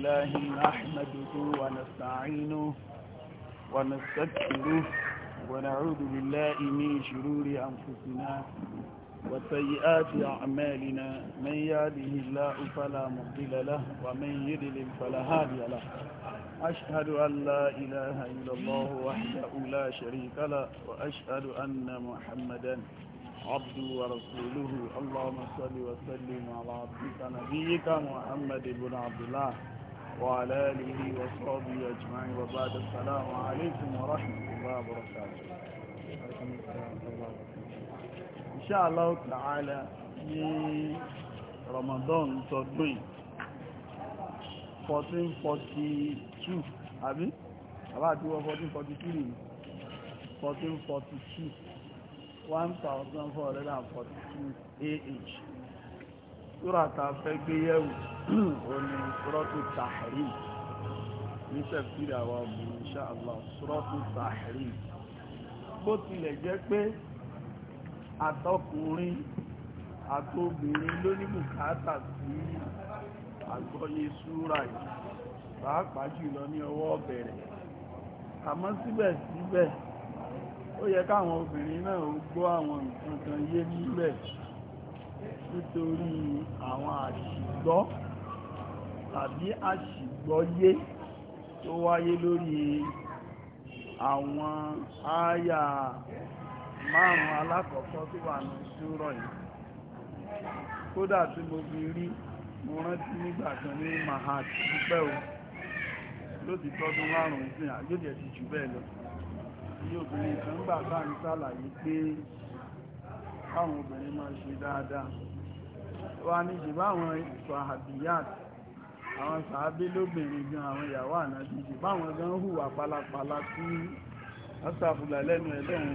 الله نحمده ونستعينه ونستكره ونعوذ بالله من شرور أنفسنا وسيئات أعمالنا من يهده الله فلا مضل له ومن يضلل فلا هادي له أشهد أن لا إله إلا الله وحده لا شريك له وأشهد أن محمدا عبده ورسوله اللهم صل وسلم على عبدك نبيك محمد بن عبد الله وعلى آله وصحبه أجمعين وبعد السلام عليكم ورحمة الله وبركاته إن شاء الله تعالى ní Ramadan tọdún 1442 àbí àbá àdúgbò 1443 1442 1442 1442 AH súrà tá a fẹ́ gbé yẹ̀wò òní súrọ́tù Tahrim ní tẹ̀síìrì àwọn ọmọ insha Allah súrọ́tù Tahrim bó tilẹ̀ jẹ́ pé àtọkùnrin àtobìnrin ló ní bùkátà sí àgbọ́yé súrà yìí pàápàá jùlọ ní ọwọ́ bẹ̀rẹ̀ àmọ́ síbẹ̀síbẹ̀ ó yẹ káwọn obìnrin náà gbọ́ àwọn nǹkan kan yé níbẹ̀ nítorí àwọn àṣìgbọ́ tàbí àṣìgbọ́yé tó wáyé lórí àwọn àyà márùn alákọ̀ọ́kọ́ tó wà ní ṣúrọ̀ yìí kódà tí mo fi rí mo rántí nígbà ní mahat dúpẹ́ o ló ti tọ́dún márùn-ún sí àyójẹ̀ ti jù bẹ́ẹ̀ lọ káwọn obìnrin máa ṣe dáadáa wá ní ṣe báwọn sàhàbíyàt àwọn sàábé lóbìnrin gan àwọn ìyàwó ànábì ṣe báwọn gan hùwà pálapàla tí ọ́sàbùlà lẹ́nu ẹlẹ́run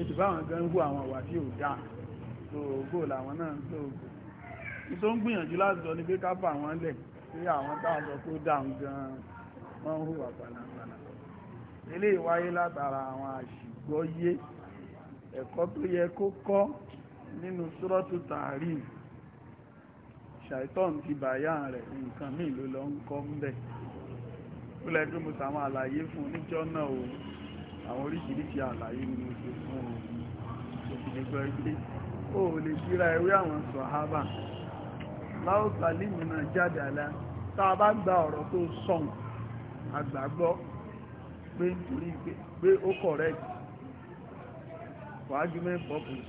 ètò báwọn gan hùwà àwọn àwà tí ò dáa tó ògbó làwọn náà ń tó ògbó ìtò ń gbìyànjú láti sọ ní pé ká bà wọ́n lẹ̀ sí àwọn táàjọ tó dáhùn gan wọ́n hùwà pálapàla eléyìí wáyé látara àwọn àṣìgbọ́yé ẹ̀kọ́ tó yẹ kó kọ́ nínú sọ́rọ́tù tààrí ṣàìtọ́n ti bàyá rẹ̀ nǹkan míì ló lọ ń kọ́ ń bẹ̀ ó lẹ́ pé mo sàwọn àlàyé fún oníjọ́ náà o àwọn oríṣiríṣi àlàyé ni mo ṣe fún òun òfin ìgbọ́ ilé ó lè jíra ewé àwọn sọ̀hábà láòsà límìnà jáde àlá tá a bá gba ọ̀rọ̀ tó sọ̀n àgbàgbọ́ pé nítorí pé ó correct for argument purpose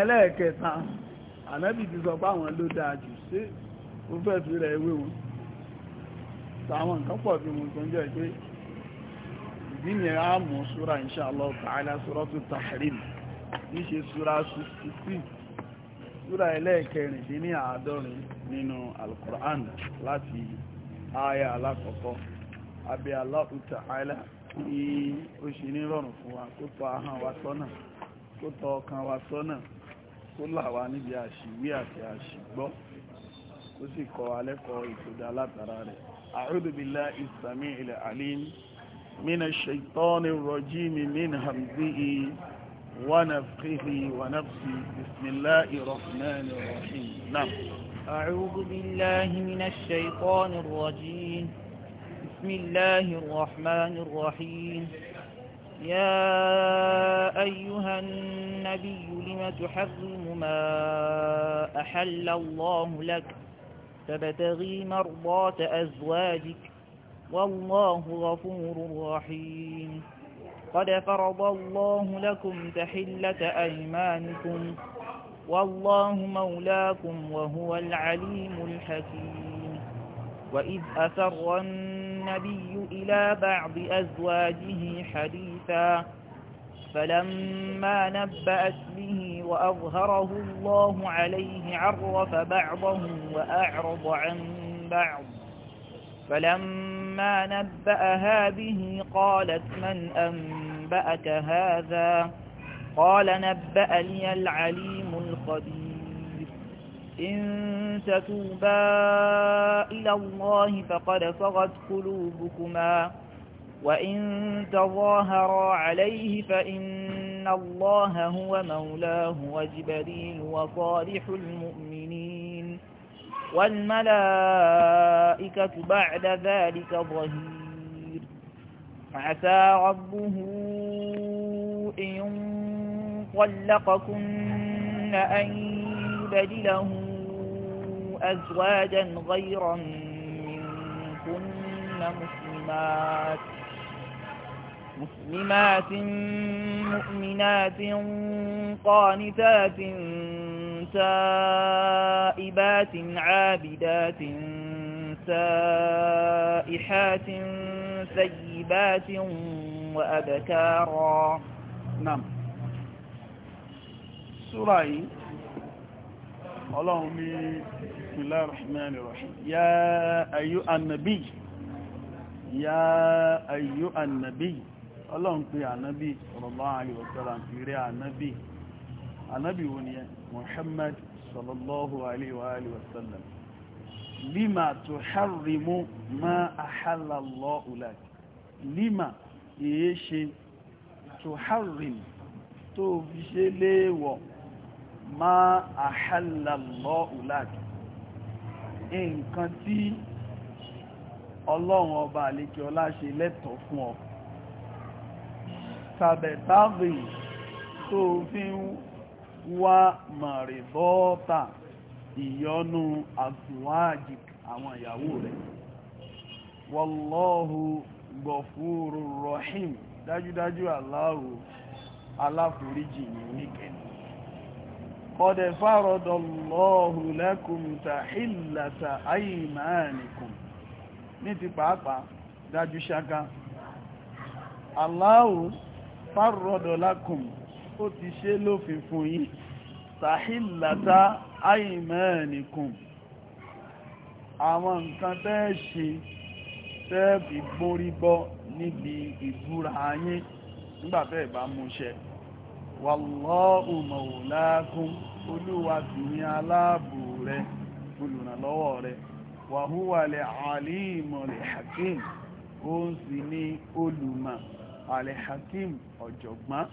ẹlẹ́ẹ̀kẹta ànábì ti sọ pé àwọn ló dáa jù sí ó fẹ́ fi rẹ̀ ewé wọn tàwọn nǹkan pọ̀ fi wọn tó ń ìdí ni a mú súra ní ṣe súra súra ẹlẹ́ẹ̀kẹrin ní àádọ́rin nínú láti alákọ̀ọ́kọ́ abẹ́ ní fún kó tọ ọkàn wa sọ́nà kó là wá níbi àṣìwí àti àṣìgbọ́ kó sì kọ́ alẹ́kọ̀ọ́ ìtòdá látara rẹ̀ a'udhu billahi as-sami'il alim minash shaitanir rajim min hamzihi ونفخه ونفسه بسم الله الرحمن الرحيم نعم أعوذ بالله من الشيطان الرجيم بسم الله الرحمن الرحيم يا أيها النبي لم تحرم ما أحل الله لك تبتغي مرضات أزواجك والله غفور رحيم قد فرض الله لكم تحلة أيمانكم والله مولاكم وهو العليم الحكيم وإذ أسر النبي إلى بعض أزواجه حديثا موسى فلما نبأت به وأظهره الله عليه عرف بعضه وأعرض عن بعض فلما نبأها به قالت من أنبأك هذا قال نبأ لي العليم الخبير إن تتوبا إلى الله فقد صغت قلوبكما وإن تظاهرا عليه فإن الله هو مولاه وجبريل وصالح المؤمنين والملائكة بعد ذلك ظهير عسى ربه إن طلقكن أن يبدله أزواجا غيرا منكن مسلمات مسلمات مؤمنات قانتات تائبات عابدات سائحات سيبات وأبكارا نعم سورة اللهم بسم الله الرحمن الرحيم يا أيها النبي يا أيها النبي ọlọ́run pé ànábì sallallahu alaihi wasallam fi rẹ̀ ànábì ànábì wo ni Muhammad sallallahu alaihi wasallam lima tuharrimu ma ahalla Allahu lak lima èé ṣe tuharrim tó fi ṣe léèwọ̀ ma ahalla Allahu lak nǹkan tí ọlọ́run ọba àlékẹ́ ṣe lẹ́tọ̀ọ́ fún ọ tàbẹ̀tàbì tó fi ń wá màrìbọ́ta ìyọnu àtúwájì àwọn ìyàwó rẹ̀ wọlọ́hu gọ̀fúrú rọ̀hìm dájúdájú aláhù aláforíjì ní oníkẹni kọ́dẹ̀ fárọ̀dọ̀ lọ́hù lẹ́kùn tàhílàtà àìmáànìkùn ní ti pàápàá dájú ṣáká aláhù farrodo lakum ó ti ṣe lófin fún yín sàhílàtà àìmẹ́ẹ̀nìkùn àwọn nǹkan tẹ́ ṣe tẹ́ fi gbórí bọ́ níbi ìbúra yín nígbàtẹ́ ìbá múṣẹ wallahu mawlakum olúwa ti ní aláàbò rẹ olùrànlọ́wọ́ rẹ alhakim ọ̀jọ̀gbọ́n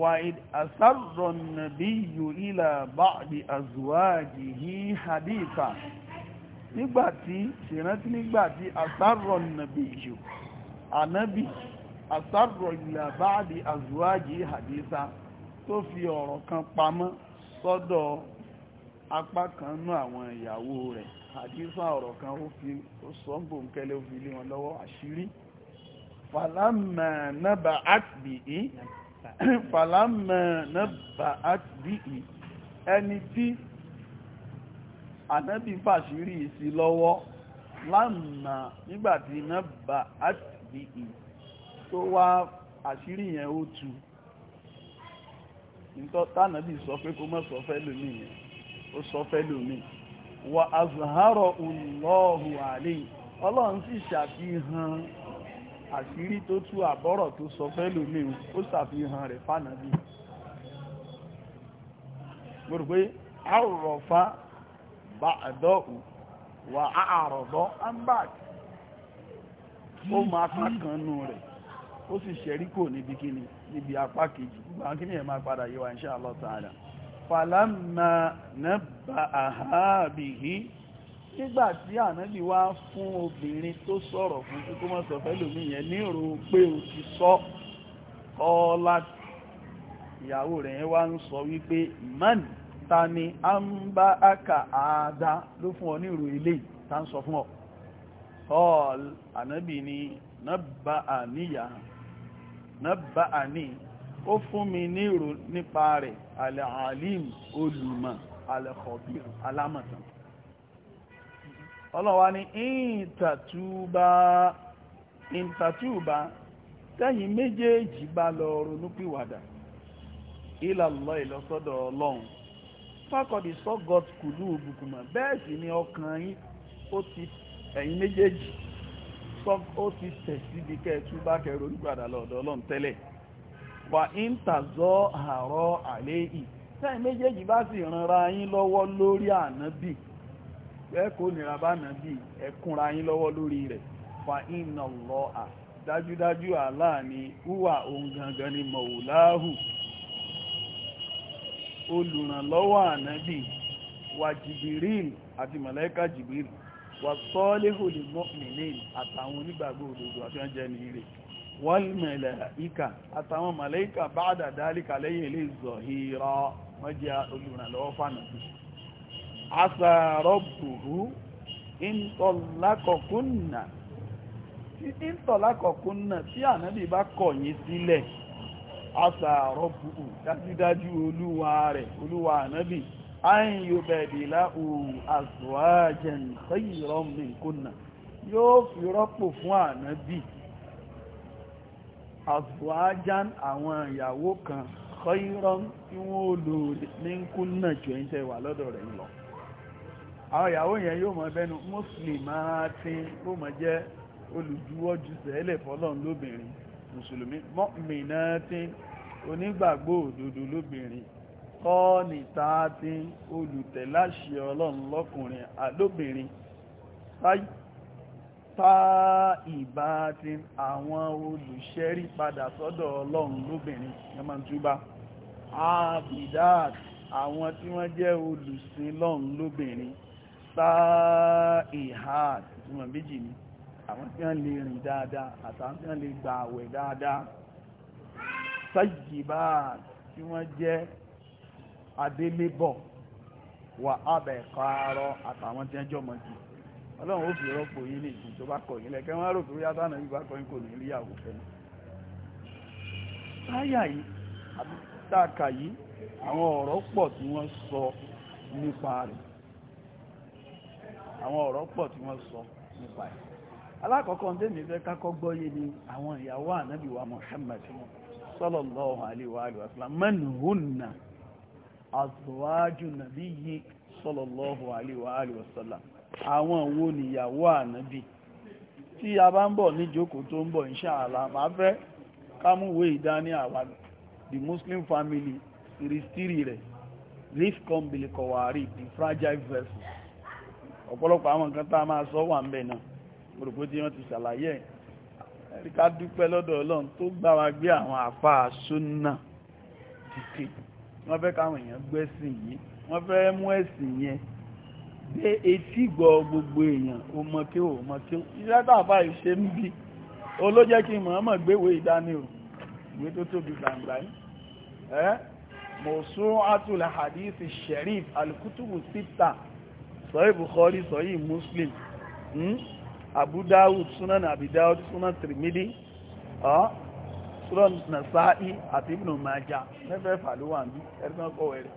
wa'id asarron nabiyyu ila ba'di azwajihi haditha nígbàtí ṣìrántí nígbàtí asarron nabiyyu anabi asarron ila ba'di azwajihi haditha tó fi ọ̀rọ̀ kan pamọ́ sọ́dọ̀ apá kan nú àwọn ìyàwó rẹ̀ haditha ọ̀rọ̀ kan ó fi ó sọ́ǹbò ó fi lé wọn lọ́wọ́ àṣírí fàlámà nábà àtìbìí fàlámà nábà àtìbìí ẹni tí ànábì fàṣírí sí lọ́wọ́ láàmà nígbàtí nábà àtìbìí tó wá àṣírí yẹn ó tú nítọ́ tánàbí sọ pé kó má sọ fẹ́ lómi yẹn ó sọ fẹ́ lómi wà azharo Allahu alayhi ọlọ́run sì ṣàfihàn àṣírí tó tú àbọ́rọ̀ tó sọ fẹ́ lómi ó ṣàfihàn rẹ̀ fánàbí gbogbo pé àrọ̀fá bá àdọ́kù wà àrọ̀dọ́ ambak ó máa pàkànnù rẹ̀ ó sì ṣẹ̀rí kò níbi kíni níbi apá kejì gbogbo àwọn kíni ẹ̀ máa padà yíwa nígbà tí ànábì wá fún obìnrin tó sọ̀rọ̀ fún kókó mọ́ sọ fẹ́ lómi yẹn ní ìrò pé o ti sọ kọ́ọ́lá ìyàwó rẹ̀ yẹn wá ń sọ wípé man ta ni a ń bá aka àádá ló fún ọ ní ìrò ilé ta ń sọ fún ọ kọ́ọ̀l ànábì ni nọ́bà àníyà nọ́bà àní ó fún mi ní ìrò nípa rẹ̀ alẹ́ alim olùmọ̀ alẹ́kọ̀ọ́bí alámọ̀tàn ọlọ́wà ní ìntàtúbà tẹ́yìn méjèèjì bá lọ ronúpìwàdà ìlàlọ́ ìlọsọ́dọ̀ ọlọ́run fákọ̀dì sọ́gọ́t kùlú òbùkùnmọ̀ bẹ́ẹ̀ sì ni ọkàn yín ó ti ẹ̀yìn méjèèjì ó ti tẹ̀ síbi kẹ́ẹ̀túbà kẹ́ ronúpìwàdà lọ́dọ̀ ọlọ́run tẹ́lẹ̀ wà àárọ̀ tẹ́yìn méjèèjì bá sì yín lọ́wọ́ ẹ kò nira bá nàbí ẹ kúnra yín lọ́wọ́ lórí rẹ̀ fa iná lọ à dájúdájú Allah ni wúwà ohun gangan ni mọ̀wùláhù olùrànlọ́wọ́ ànábì wà jìbìrìl àti mọ̀lẹ́kà jìbìrìl wà sọ́ọ́léhù lè mọ́mìnìn àtàwọn onígbàgbọ́ òdodo àti ọjọ́ ní ire wal màláíkà àtàwọn màlẹ́kà bá dàdálíkà lẹ́yìn ilé zọ̀hírọ́ wọ́n jẹ́ olùrànlọ́wọ́ asa rabbuhu ìntọ́lákọ̀kúnnà tí ìntọ́lákọ̀kúnnà tí ànábì bá kọ̀ yín sílẹ̀ asa rabbuhu dájúdájú olúwa rẹ̀ olúwa ànábì ayin yóò bẹ̀rẹ̀ láhù azwajan khayran minkunna yóò fi rọ́pò fún ànábì azwajan àwọn ìyàwó kan khayran tí wọ́n lò lọ́dọ̀ rẹ̀ lọ àwọn ìyàwó yẹn yóò mọ bẹnu mùsùlùmáàtì ó mọ jẹ́ olùjúwọ́jú sẹ́lẹ̀ fọlọ́run lóbìnrin mùsùlùmí mọ́mìnáàtì onígbàgbọ́ òdodo lóbìnrin kọ́ọ̀nì tààtì olùtẹ̀láṣẹ ọlọ́run lọ́kùnrin àlóbìnrin táìbáàtì àwọn olùṣẹ́rí padà sọ́dọ̀ ọlọ́run lóbìnrin yọmọ túbá àbìdáàtì àwọn tí wọ́n jẹ́ olùsìn lọ́run lóbìnrin sáàìhàd ìtumọ̀ méjì ni àwọn tí wọ́n lè rìn dáadáa àtàwọn tí wọ́n lè gba àwẹ̀ dáadáa sáyìbáàd tí wọ́n jẹ́ adélébọ̀ wà ábẹ̀kọ́rọ̀ àtàwọn tí wọ́n jọ mọ̀ ọlọ́run ó fi rọ́pò yín ní ìsìn bá kọ̀ yín lẹ́kẹ́ wọ́n rò pé yá yi, yìí bá kọ́ yín kò ní nípa àwọn ọ̀rọ̀ pọ̀ tí wọ́n sọ nípa ẹ̀ alákọ̀ọ́kọ́ tẹ́mi fẹ́ kákọ́ gbọ́yé ni àwọn ìyàwó ànábì wa Muhammad sallallahu alaihi wa alihi wa sallam man hunna azwaju nabiyyi sallallahu alaihi wa alihi wa sallam àwọn wo ni ìyàwó ànábì tí a bá ń bọ̀ ní jókòó tó ń bọ̀ inshallah bilikọwari the fragile vessel ọ̀pọ̀lọpọ̀ àwọn nǹkan tá a máa sọ wà ń bẹ̀ náà gbogbo tí wọ́n ti ṣàlàyé ẹ̀ ká dúpẹ́ lọ́dọ̀ ọlọ́run tó gbà wá gbé àwọn àfa sunna títí wọ́n fẹ́ káwọn èèyàn gbẹ́sìn yìí wọ́n fẹ́ mú ẹ̀sìn yẹn dé etí gbọ́ gbogbo èèyàn ó mọ kí ó mọ kí ó iṣẹ́ tàbá ìṣe ń bí olójẹ́ kí mọ̀ọ́mọ̀ gbéwò ìdání o ìwé tó tóbi gbàǹgbà yìí ẹ́ mọ̀ọ́sùn àtúlẹ̀ hadith sherif alukutubu sita sọ́yí bukhari sọ́yí muslim hmm? abu dawud sunan abi dawud sunan tirmidhi sunan nasa'i àti ibn majah mẹ́fẹ́fà ló wà ní ẹ̀rọ kọ̀wẹ̀rẹ̀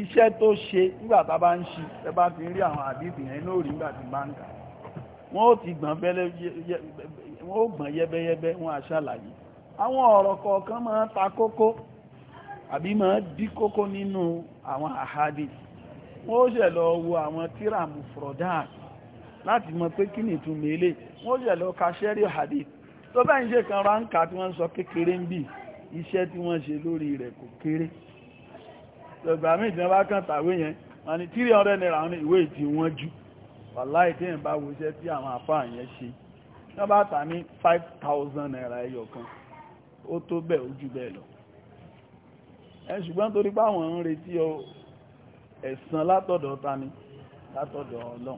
iṣẹ́ tó ṣe nígbàtà bá ń ṣi ẹbá ti rí àwọn àdìsì yẹn lórí nígbàtí bá ń kà wọ́n ó ti gbọ̀n yẹ́bẹ́yẹ́bẹ́ wọ́n á ṣàlàyé àwọn ọ̀rọ̀ kọ̀ọ̀kan máa ta kókó àbí máa dí kókó nínú àwọn àhádìsì wọ́n ṣẹ̀ lọ wo àwọn tíramù frodan láti mọ pé kí ni ìtumọ̀ ilé wọ́n ṣẹ̀ lọ ka ṣẹ́rí hadith tó bẹ́ẹ̀ ń ṣe kan ránkà tí wọ́n sọ kékeré ń bì iṣẹ́ tí wọ́n ṣe lórí rẹ̀ kò kéré ìgbà míì tí wọ́n bá kàn tàwé yẹn wọ́n ní three hundred naira ní ìwé ìtì wọ́n jù wàláì tí ìyẹn bá wo iṣẹ́ tí àwọn àfáà yẹn ṣe wọ́n bá tà ní five thousand naira ẹyọ kan ó tó bẹ́ẹ̀ ó bẹ́ẹ̀ lọ ẹ ṣùgbọ́n torí pé àwọn ń retí ẹ̀san látọ̀dọ̀ ta ni látọ̀dọ̀ ọlọ́run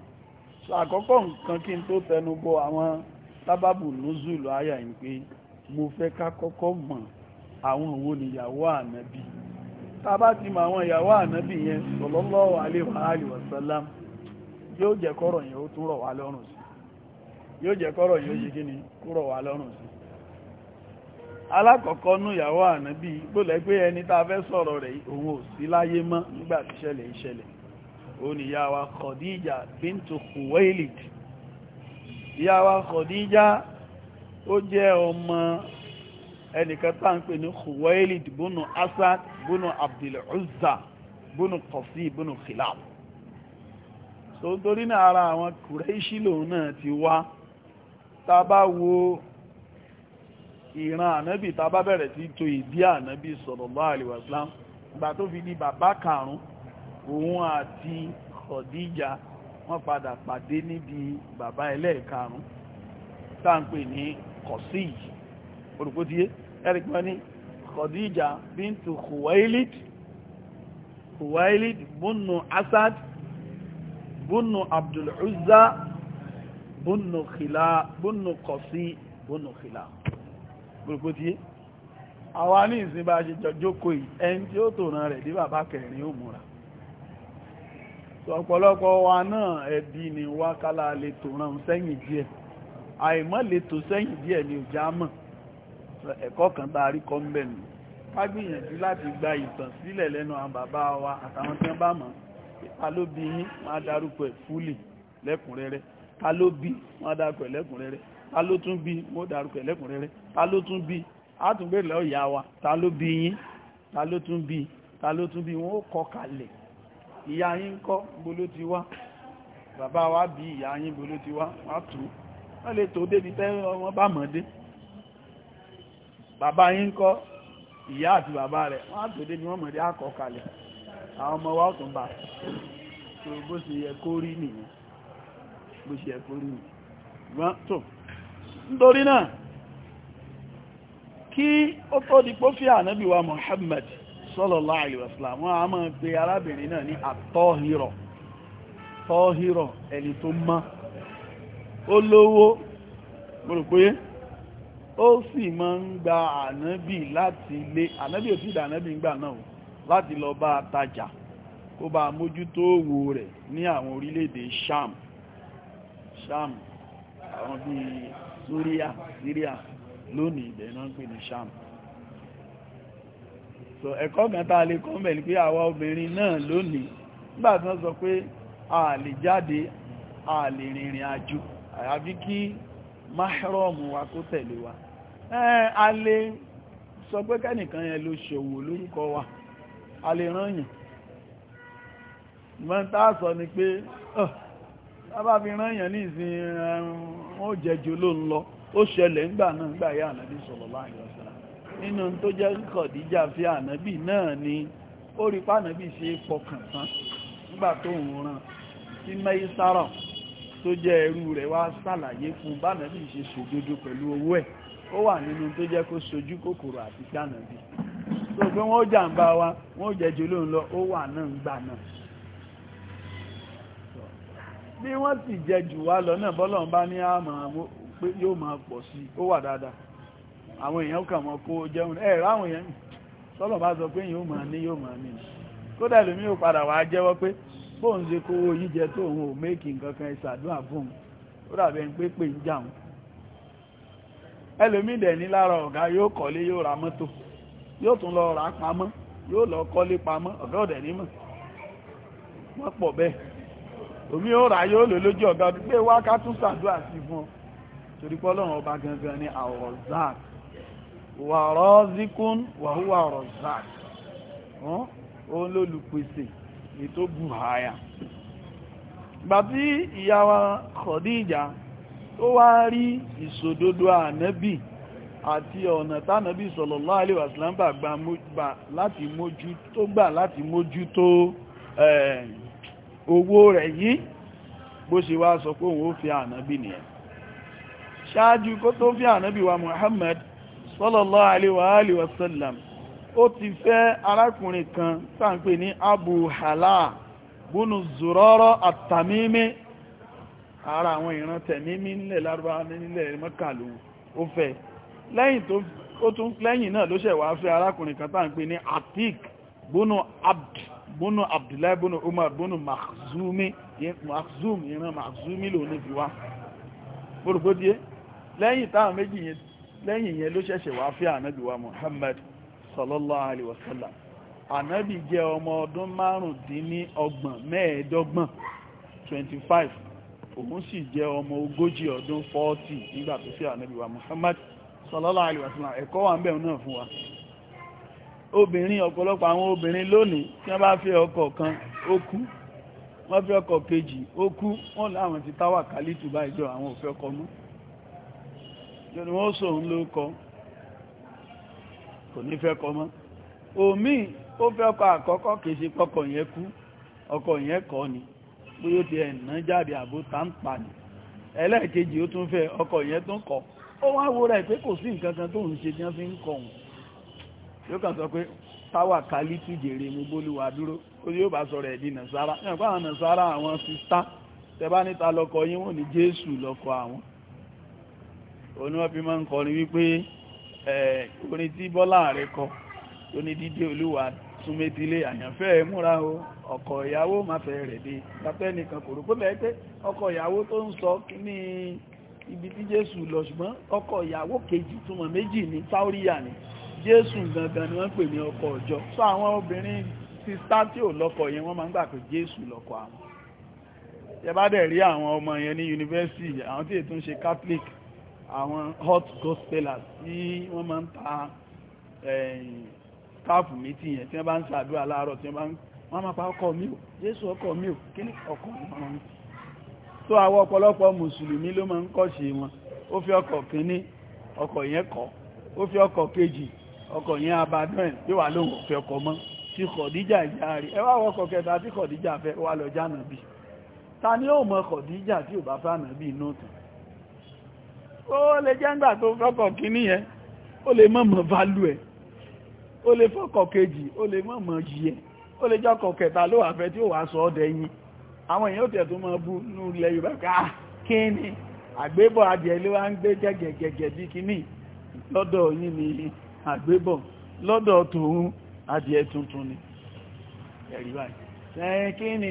so àkọ́kọ́ nǹkan kí n tó tẹnu bọ àwọn sábàbù nùzùlù àyà yìí pé mo fẹ́ ká kọ́kọ́ mọ̀ àwọn wo ni ìyàwó ànábì tá a bá ti mọ àwọn ìyàwó ànábì yẹn sallallahu alaihi wa sallam yóò jẹ́ kọ́rọ̀ yẹn ó tún rọ̀ wá lọ́rùn sí yóò jẹ́ kọ́rọ̀ yẹn ó yẹ ni kó wá lọ́rùn sí alákọ̀ọ́kọ́ nú ìyàwó ànábì gbọ́lẹ̀ pé ẹni tá a fẹ́ sọ̀rọ̀ rẹ̀ òun ò sí láyé mọ́ nígbà tí ṣẹlẹ̀ ìṣẹlẹ̀ òun ìyàwó Khadija bíntu Khuwailid ìyàwó Khadija ó jẹ́ ọmọ ẹnìkan tá ń pè ní Khuwailid búnú Asad búnú Abdul búnú Qasi búnú Khilab so torí náà ara àwọn Kùrẹ́ṣì lòun náà ti wá tá a bá wo ìran ànábì tá bá bẹ̀rẹ̀ sí to ìdí ànábì sallallahu alaihi wasallam ìgbà tó fi di bàbá karùn òun àti Khadija wọ́n padà pàdé níbi bàbá ẹlẹ́ẹ̀karùn tá ń pè ní Qasiy olùkótíyé eric mani Khadija bíntu Khuwailid Khuwailid bùnú Asad bùnú Abdul Uzza bùnú Khila bùnú Qasiy bùnú Khila gbogbo tí a ní ìsìn bá ṣe jọjókò yìí ẹni tí ó tòràn rẹ̀ dé bàbá kẹrin ó múra ọ̀pọ̀lọpọ̀ wa náà ẹbí ni wá kálá lè tòràn sẹ́yìn díẹ̀ àìmọ́ lè tò sẹ́yìn díẹ̀ ni ò já mọ̀ ẹ̀kọ́ kan tá a rí kọ́ ń bẹ̀ gbìyànjú láti gba ìtàn sílẹ̀ lẹ́nu àwọn bàbá wa àtàwọn tí wọ́n bá mọ̀ ta ló bí yín wọ́n á darúkọ ẹ̀ fúlì lẹ́kùnrẹ́rẹ́ ta ló bí wọ́n á ẹ̀ lẹ́kùnrẹ́rẹ́ ta ló bí mo dárúkọ ẹlẹ́kùnrẹ́rẹ́ ta ló tún bí a tún bèèrè lọ́wọ́ ìyá wa ta ló bí yín ta ló tún bí ta ló tún bí wọn ó kọ kalẹ̀ ìyá yín kọ́ bó ló ti wá bàbá wa bí ìyá yín bó ti wá wá tù wọ́n lè tó débi tẹ́ ọmọ bá mọ̀ dé bàbá yín kọ́ ìyá àti bàbá rẹ̀ wọ́n á tó débi wọ́n mọ̀ dé àkọ́ kalẹ̀ àwọn ọmọ wa ó tún bá tó bó ṣe yẹ kó rí nìyẹn bó ṣe yẹ kó rí nìyẹn nítorí náà kí ó tó di pó fi ànábì wa Muhammad sallallahu alaihi wasallam wọ́n a máa pe arábìnrin náà ní àtọ́hìrọ̀ tọ́hìrọ̀ ẹni tó mọ́ olówó gbọ́rùpé ó sì máa ń gba ànábì láti ilé ànábì ò sí ìdá ń gbà náà láti lọ bá tajà kó bá mójútó òwò rẹ̀ ní àwọn orílẹ̀-èdè Sham Sham àwọn bíi Syria Syria lónìí ibẹ̀ náà ń pè ní sham so ẹ̀kọ́ kan tá a lè kọ́ mẹ́lì pé àwa obìnrin náà lónìí nígbà wọ́n sọ pé a lè jáde a lè rìnrìn àjò àyàbí kí máhrọ́ọ̀mù wa kó tẹ̀lé wa ẹ́ a lè sọ pé kẹ́nìkan yẹn ló ṣòwò lórúkọ wa a lè rányàn sọ ni pé ọ̀ sábà fi ní wọ́n jẹjọ ló ń lọ ó ṣẹlẹ̀ ńgbà náà ńgbà yá ànábì sallallahu nínú tó jẹ́ kọ̀díjà fi ànábì náà ni ó rí pànábì ṣe fọkàn tán nígbà tó ń ran sí mẹ́sàrà tó jẹ́ ẹrú rẹ̀ wá sàlàyé fún bánábì ṣe ṣòdodo pẹ̀lú owó ẹ̀ ó wà nínú tó jẹ́ kó kòkòrò àti gbànàbì tó pé wọ́n jàǹbá wa wọ́n ló ń lọ ó wà náà bí wọ́n ti jẹ jù wá lọ náà bọ́lọ̀ bá ní àmà pé yóò máa pọ̀ sí ó wà dáadáa àwọn èèyàn kà mọ́ kó jẹun ẹ̀rọ àwọn èèyàn sọ́lọ̀ bá sọ pé yóò máa ní yóò máa ní kódà ẹlòmí ò padà wá jẹ́wọ́ pé bóun ṣe yìí jẹ ò méèkì nǹkan kan ó pé pé ń ẹlòmí dẹ̀ ní lára omi ó rà yóò lò lójú ọ̀gá ọdún pé wá ká tún ṣàdúrà sí fún ọ torí pé ọlọ́run ọba gangan ni àwọ̀rọ̀zák wàrọ́zíkún wàhúwà ọ̀rọ̀zák òun lólùpèsè ètò buhaya ìgbà tí ìyá wa Khadija tó wá rí ìṣòdodo ànábì àti ọ̀nà tánàbí sallallahu alaihi wasallam gbà láti mójú tó gbà láti mójú tó ẹ̀ẹ̀ owó rẹ̀ yìí bó ṣe wá sọ pé òun ó fi ànábì nìyẹn ṣáájú kó tó fi ànábì wa Muhammad sallallahu alaihi wa sallam ó ti fẹ́ arákùnrin kan sáàpé ní Abu Hala búnú Zurara àtàmímí ara àwọn ìran tẹ̀mímí nílẹ̀ lárúbáwá nílẹ̀ mọ́kàlù ó fẹ́ lẹ́yìn náà ló ṣẹ̀ fẹ́ arákùnrin kan tá ní atik búnú abd bónú abdullahi bónú umar bónú makhzumi makhzum ìran makhzumi ló ní fi wá bólúgbódíé lẹ́yìn táwọn méjì yẹn lẹ́yìn yẹn ló ṣẹ̀ṣẹ̀ wá fẹ́ ànábì wa muhammad sallallahu alaihi wasallam ànábì jẹ́ ọmọ ọdún márùndínlọ́gbọ̀n mẹ́ẹ̀ẹ́dọ́gbọ̀n 25 òun sì jẹ́ ọmọ ogójì ọdún 40 nígbà tó fẹ́ ànábì wa muhammad sallallahu alaihi wasallam ẹ̀kọ́ wa ń bẹ̀rù náà fún wa obìnrin ọ̀pọ̀lọpọ̀ àwọn obìnrin lónìí tí wọ́n bá fẹ́ ọkọ kan ó kú wọ́n fẹ́ ọkọ kejì ó kú wọ́n láwọn ti táwà kálítù bá ìjọ àwọn òfẹ́ ọkọ mú lónìí wọ́n sòun ló kọ kò ní fẹ́ kọ mọ́ òmíì ó fẹ́ ọkọ àkọ́kọ́ kìí ṣe pọ́kọ yẹn kú ọkọ yẹn kọ́ ni pé ó ti ẹ̀nà jáde àbó táǹpà ni ẹlẹ́ẹ̀kejì ó tún fẹ́ ọkọ yẹn tún kọ́ ó wá wo rẹ̀ pé kò sí nǹkan kan tó ń ṣe tí wọ́n fi ń kọ̀ wọ́n yóò kàn sọ pé táwà kálí tù jèrè mú bólúwa dúró ó yóò bá sọ̀rọ̀ ẹ̀dí nàṣàrà yànpá àwọn nàṣàrà àwọn sista tẹ́bá níta lọ́kọ yín wọ́n ní jésù lọ́kọ àwọn òní wọ́n fi máa ń kọrin wípé orin tí bọ́lá rẹ kọ tó ní dídé olúwa súnmẹ́tílé àyànfẹ́ múra o ọkọ ìyàwó máa fẹ́ rẹ̀ dé lápẹ́ nìkan kò rò pé bẹ́ẹ̀ pé ọkọ ìyàwó tó ń sọ ní ibi tí jésù lọ ṣùgbọ́n ọkọ ìyàwó kejì túmọ̀ méjì ní sáúríyà ni jésù gangan ni wọ́n pè ní ọkọ ọjọ́ so àwọn obìnrin sista tí ò lọ́kọ yẹn wọ́n máa ń gbà pé jésù lọ́kọ àwọn yẹ bá dẹ̀ rí àwọn ọmọ yẹn ní yunifásitì àwọn tí ètò ń ṣe catholic àwọn hot gospelers tí wọ́n máa ń ta eh, staff meeting yẹn tí wọ́n bá ń ṣàdúrà láàárọ̀ tí wọ́n bá ń máa pa ọkọ mi ò jésù ọkọ mi ò kí ni ọkọ mi máa ń tó àwọn ọ̀pọ̀lọpọ̀ mùsùlùmí ló máa ń kọ́ ṣe wọn ó fi ọkọ kínní ọkọ yẹn kọ́ ó fi ọkọ kejì ọkọ yẹn abadúrẹ́n tí wà lóhùn ọ̀fẹ́ ọkọ mọ́ tí kọ̀díjà ìjà rí ẹwà ọkọ kẹta tí kọ̀díjà fẹ́ wà lọ jánà bí ta ni ó mọ kọ̀díjà tí ò bá fánà bí inú tàn ó lè jẹ́ ńgbà tó fọ́kọ̀ kíní yẹn ó lè mọ̀ mọ̀ válù ẹ̀ ó lè fọ́kọ̀ kejì ó lè mọ̀ mọ̀ yí ẹ̀ ó lè jọ́kọ̀ kẹta ló wà fẹ́ tí ó wà sọ ọ́dẹ yín àwọn èèyàn tẹ̀ tó mọ bú nú ilẹ̀ Yorùbá ká ah, kíni àgbébọ̀ adìẹ ló wá ń gbé jẹ́gẹ̀gẹ̀gẹ̀ bí kíní lọ́dọ̀ yín ni àgbébọ̀ lọ́dọ̀ tòun adìẹ tuntun ni ẹ̀rí báyìí kí ni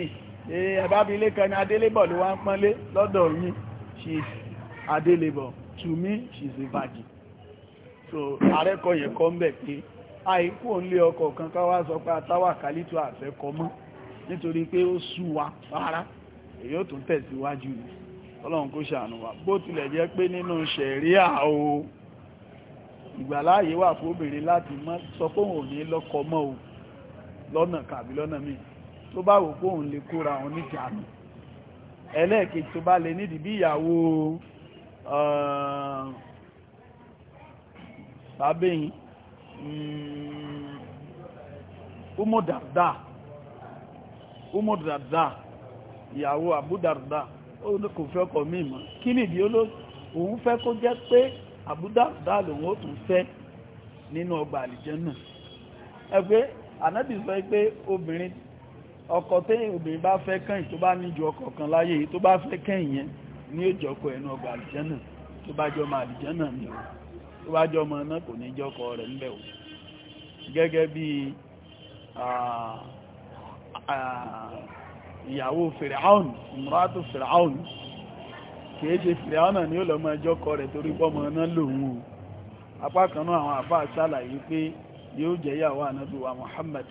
ẹ̀bábilé kan ní adélébọ̀ ló wá ń pọ́nlé lọ́dọ̀ yín ṣe adélébọ̀ to me she is a virgin so arẹ́kọ̀ yẹn kọ́ ń bẹ̀ pé àìkú òun lé ọkọ̀ kan ká sọ pé atáwà kálítù àfẹ́kọ́ mọ́ nítorí pé ó sú wa rárá èyí ó tún tẹ̀síwájú ọlọ́run kó ṣàánú wa bó tilẹ̀ jẹ́ pé nínú ṣẹ̀ríà o ìgbàláàyè wà fún obìnrin láti mọ́ sọ pé òun ò ní lọ́kọ mọ́ o lọ́nà kàbí lọ́nà míì tó bá wò pé òun lè kóra òun níjànú ẹlẹ́ẹ̀kejì tó bá lè nídìí bí ìyàwó uh, bàbẹ́yìn hmm, Umu Darda Umu ìyàwó Abu ó kò fẹ́ ọkọ míì mọ́ kí nìdí ó ló òun fẹ́ kó jẹ́ pé àbúdàbùdà lòun ó tún fẹ́ nínú ọgbà àlìjẹ́nà ẹgbẹ́ ànábì sọ pé obìnrin ọkọ tẹ́yìn obìnrin bá fẹ́ kẹ́yìn tó bá ní ju ọkọ kan láyé tó bá fẹ́ kẹ́yìn yẹn ní òjọkọ ẹnu ọgbà àlìjẹ́nà tó bá jọ ọmọ àlìjẹ́nà ni o tó bá jọ ọmọ náà kò ní jọkọ rẹ̀ ńbẹ̀ o gẹ́gẹ́ bí ìyàwó fèrè áùn ìmúratù fèrè áùn kìí ṣe fìrìhánà ni ó lọ mọ ẹjọ́ kọ rẹ̀ torí pọ́mọ náà lòun o apá kan náà àwọn àbá ṣàlàyé pé yóò ìyàwó ànábì wa Muhammad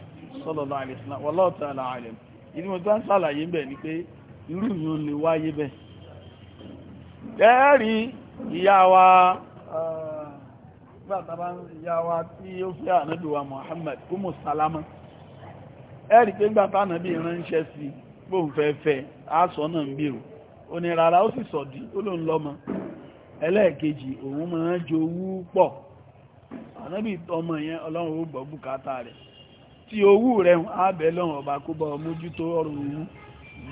sallallahu alaihi ala wallahu ta'ala alim ìdí mo ṣàlàyé ni pé irú yìí ó lè wáyé bẹ̀ dẹ́ẹ̀rí ìyá wa gbàtàbá ìyá wa tí ó fẹ́ ànábì wa Muhammad Ummu Salama pé ànábì sí náà ń bèrò ó ní rárá ó sì sọ̀dí ó ló ń lọ́mọ ẹlẹ́ẹ̀kejì òun máa ń jowú pọ̀ ànábì ọmọ yẹn ọlọ́run ó gbọ́ bùkátà rẹ̀ tí owú rẹ̀ ń ábẹ́ lọ́rùn ọba kó bá ọmójútó ọrùn òun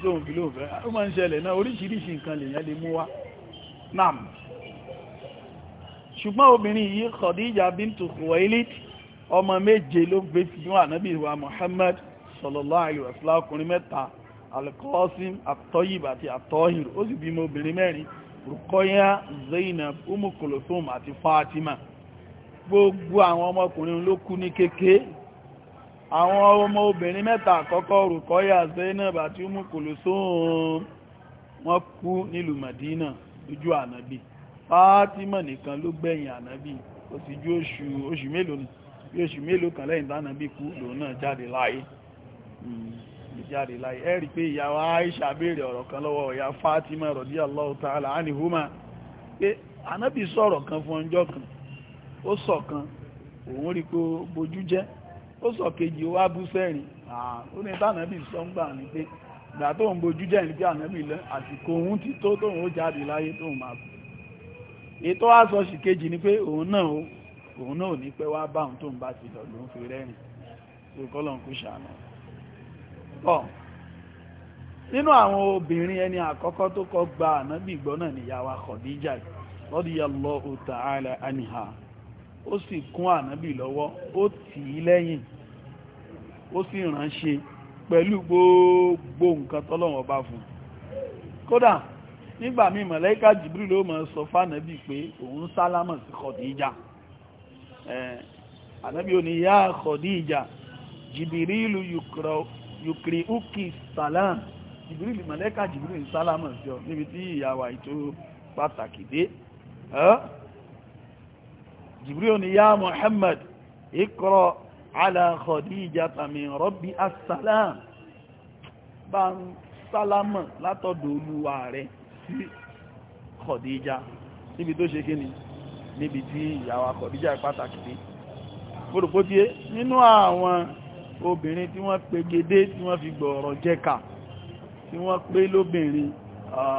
tóun fi lóun fẹ́ ó máa ń ṣẹlẹ̀ náà oríṣiríṣi nǹkan lèyàn lè mú wá nam ṣùgbọ́n obìnrin yìí Khadija bintu Khuwailid ọmọ méje ló gbé fi wọn ànábì wa Muhammad sallallahu alaihi wasallam ọkùnrin mẹ́ta alkọ́sím àtọ́yìb àti àtọ́hìr ó sì bímọ obìnrin mẹ́rin rukọ́yá zainab umu àti fatima gbogbo àwọn ọmọkùnrin ló kú ní kéké àwọn ọmọ obìnrin mẹ́ta àkọ́kọ́ rukọ́yá zainab àti umu kolosom wọ́n kú nílùú madina lójú ànábì fatima nìkan ló gbẹ̀yìn ànábì ó sì ju oṣù oṣù mélòó oṣù mélòó kan lẹ́yìn tánàbì kú lòun náà jáde láyé. Mm jáde láyé ẹ rí pé ìyàwó Aisha béèrè ọ̀rọ̀ kan lọ́wọ́ ìyá Fatima radiyallahu ta'ala anihuma pé anábì sọ̀rọ̀ kan fún ọjọ́ kan ó sọ kan òun rí pé bojú jẹ́ ó sọ kejì wá bú sẹ́rìn ó ní tànábì sọ ń gbà ní pé ìgbà tó ń bojú jẹ́ ní pé ànábì lẹ́ àsìkò òun ti tó tóun ó jáde láyé tóun máa kú ètò wá kejì ni pé òun náà òun náà ò ní pẹ́ wá báhùn tóun bá ti lọ lòun fi rẹ́rìn-ín tó kọ́lọ̀ kú ṣàánú pọ̀ nínú àwọn obìnrin ẹni àkọ́kọ́ tó kọ́ gba ànábì gbọ́ náà níyàwó lọ radiyallahu ta'ala anha ó sì kún ànábì lọ́wọ́ ó tì í lẹ́yìn ó sì ránṣẹ́ pẹ̀lú gbogbo nǹkan tọ́lọ́wọ́ bá fún kódà nígbà míì mọ̀lẹ́kà Jibril ló máa sọ fánàbì pé òun sálámà sí Khadija ànábì ò ní yá Khadija Jibrilu yukra yukri uki salam jìbìrìlì mọ̀lẹ́kà jìbìrìlì sálámà jọ níbi tí ìyàwó ìtò pàtàkì dé jìbìrìlì ni yá Muhammad ikọrọ ala Khadijata min rabbi assalam bá ń sálámà látọ̀dọ̀ olúwa rẹ̀ sí Khadija níbi tó ṣe kí ni níbi tí ìyàwó Khadija pàtàkì dé gbọ́dọ̀gbọ́dọ̀ nínú àwọn obìnrin tí wọ́n pegedé tí wọ́n fi gbọ̀ọ̀rọ̀ jẹ́ka tí wọ́n pé lóbìnrin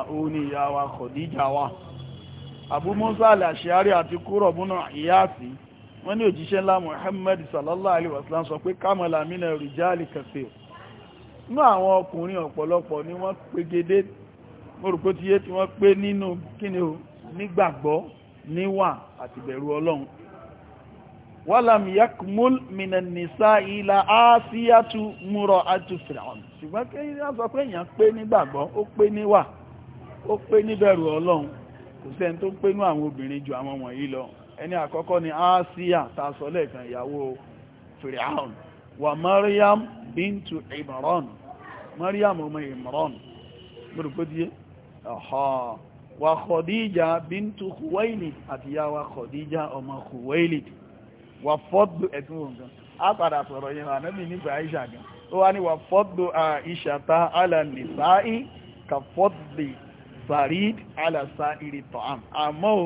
òun ni ìyá wa Khadija wa Abu Musa al-Ash'ari àti kúrọ̀bùnà ìyáàtì wọ́n ní òjíṣẹ́ ńlá Muhammad sallallahu alaihi wasallam sọ pé kamala mina rijali kaseer inú àwọn ọkùnrin ọ̀pọ̀lọpọ̀ ni wọ́n pegedé mọ́rùkó ti yé tí wọ́n pé nínú wọ́làm yakmul minan nisa ila asiyatu múrọ̀ àti fìràn ṣùgbọ́n kí ní sọ pé èèyàn pé nígbàgbọ́ ó pé níwà ó pé níbẹ̀rù ọlọ́run kò sẹ́ni tó pé ní àwọn obìnrin ju àwọn wọ̀nyí lọ ẹni àkọ́kọ́ ni asiya ta sọ lẹ́ẹ̀kan ìyàwó fìràn wà mariam bintu imran mariam ọmọ imran gbọ́dọ̀gbọ́díyé wà khadija bintu khuwailid àti yàwá khadija ọmọ khuwailid wà fọ́dù ẹ̀tún òǹkan á padà sọ̀rọ̀ yẹn wà nẹ́bì nígbà Aisha gan ó wá ní wà fọ́dù Aisha ta alàní sáì ka fọ́dù sarid alàsá ìrìtọ̀ àm àmọ́ o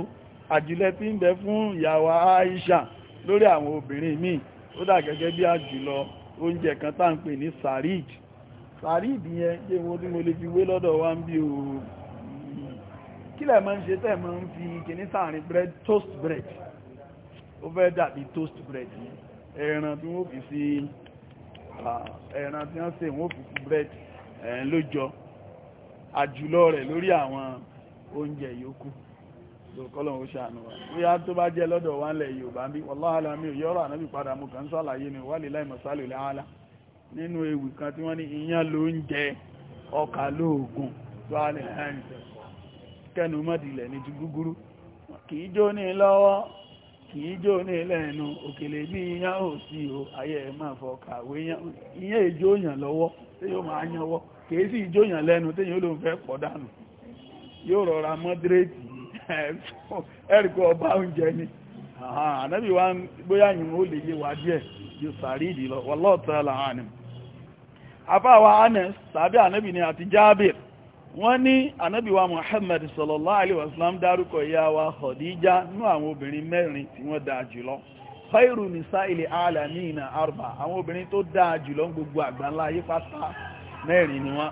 àjùlẹ̀ tí ń bẹ fún ìyàwó Aisha lórí àwọn obìnrin míì ó dà gẹ́gẹ́ bí àjùlọ oúnjẹ kan tá à ń pè ní sarid sarid yẹn jẹ́ ìwọ́n tí mo lè fi wé lọ́dọ̀ wa ń bí o kí lẹ̀ máa ń ṣe tẹ̀ máa ń fi kìíní sáàrin bread toast bread ó dàbí toast bread ní ẹran tí wọ́n fi sí ẹran tí wọ́n sè wọ́n fi sí bread ẹ̀ẹ́n ló àjùlọ rẹ̀ lórí àwọn oúnjẹ yòókù lókọ́lọ̀ ó ṣàánú wa wa ńlẹ̀ Yorùbá ń bí mi ò yọ́rọ̀ ànábì padà mo kàn ń sàlàyé ni wà lè láhàlá nínú kan tí wọ́n ní iyán ló ń jẹ ọkà lóògùn tó a lè hàn kẹnu mọ́dìlẹ̀ kì í jó ní ilẹ̀ ẹnu òkèlè bí iyán ò sí o ayé ẹ̀ máa fọ kàwé iyán yàn lọ́wọ́ tí yóò máa yanwọ́ kìí sì jó yàn lẹ́nu tí yóò ló fẹ́ pọ̀ dànù yóò rọra mọ́dírètì ẹ̀rìkọ́ ọba oúnjẹ ni ànábì wa bóyá yìí ó lè yé wa díẹ̀ yóò anes tàbí ànábì ni àti wọ́n ní ànábìwá Muhammad sallallahu alaihi wasallam dárúkọ ìyá wa Khadija nú àwọn obìnrin mẹ́rin tí wọ́n dáa jùlọ khairu nisa ili alamina arba àwọn obìnrin tó dáa jùlọ gbogbo àgbáńlá ayé pátá mẹ́rin ni wọ́n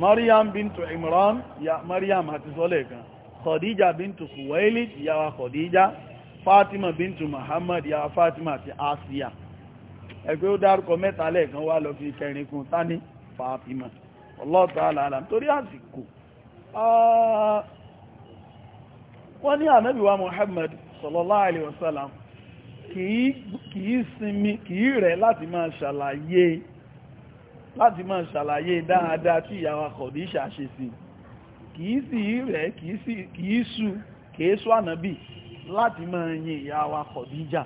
Maryam bintu Imran ya Maryam àti sọ́lẹ̀ kan Khadija bintu Khuwailid ìyá wa Khadija Fatima bintu Muhammad ìyá wa Fatima àti Asiya ẹgbẹ́ ó dárúkọ mẹ́ta lẹ́ẹ̀kan wá lọ fi kẹrin kún tání Fatima Allahu ta'ala alam torí àsìkò wọ́n ní ànábì wa Muhammad sallallahu alaihi wasallam kìí sinmi kìí rẹ̀ láti máa ṣàlàyé láti máa ṣàlàyé dáadáa tí ìyàwó Khadija ṣe sí kìí sì rẹ̀ kìí sú kìí sú ànábì láti máa yin ìyàwó Khadija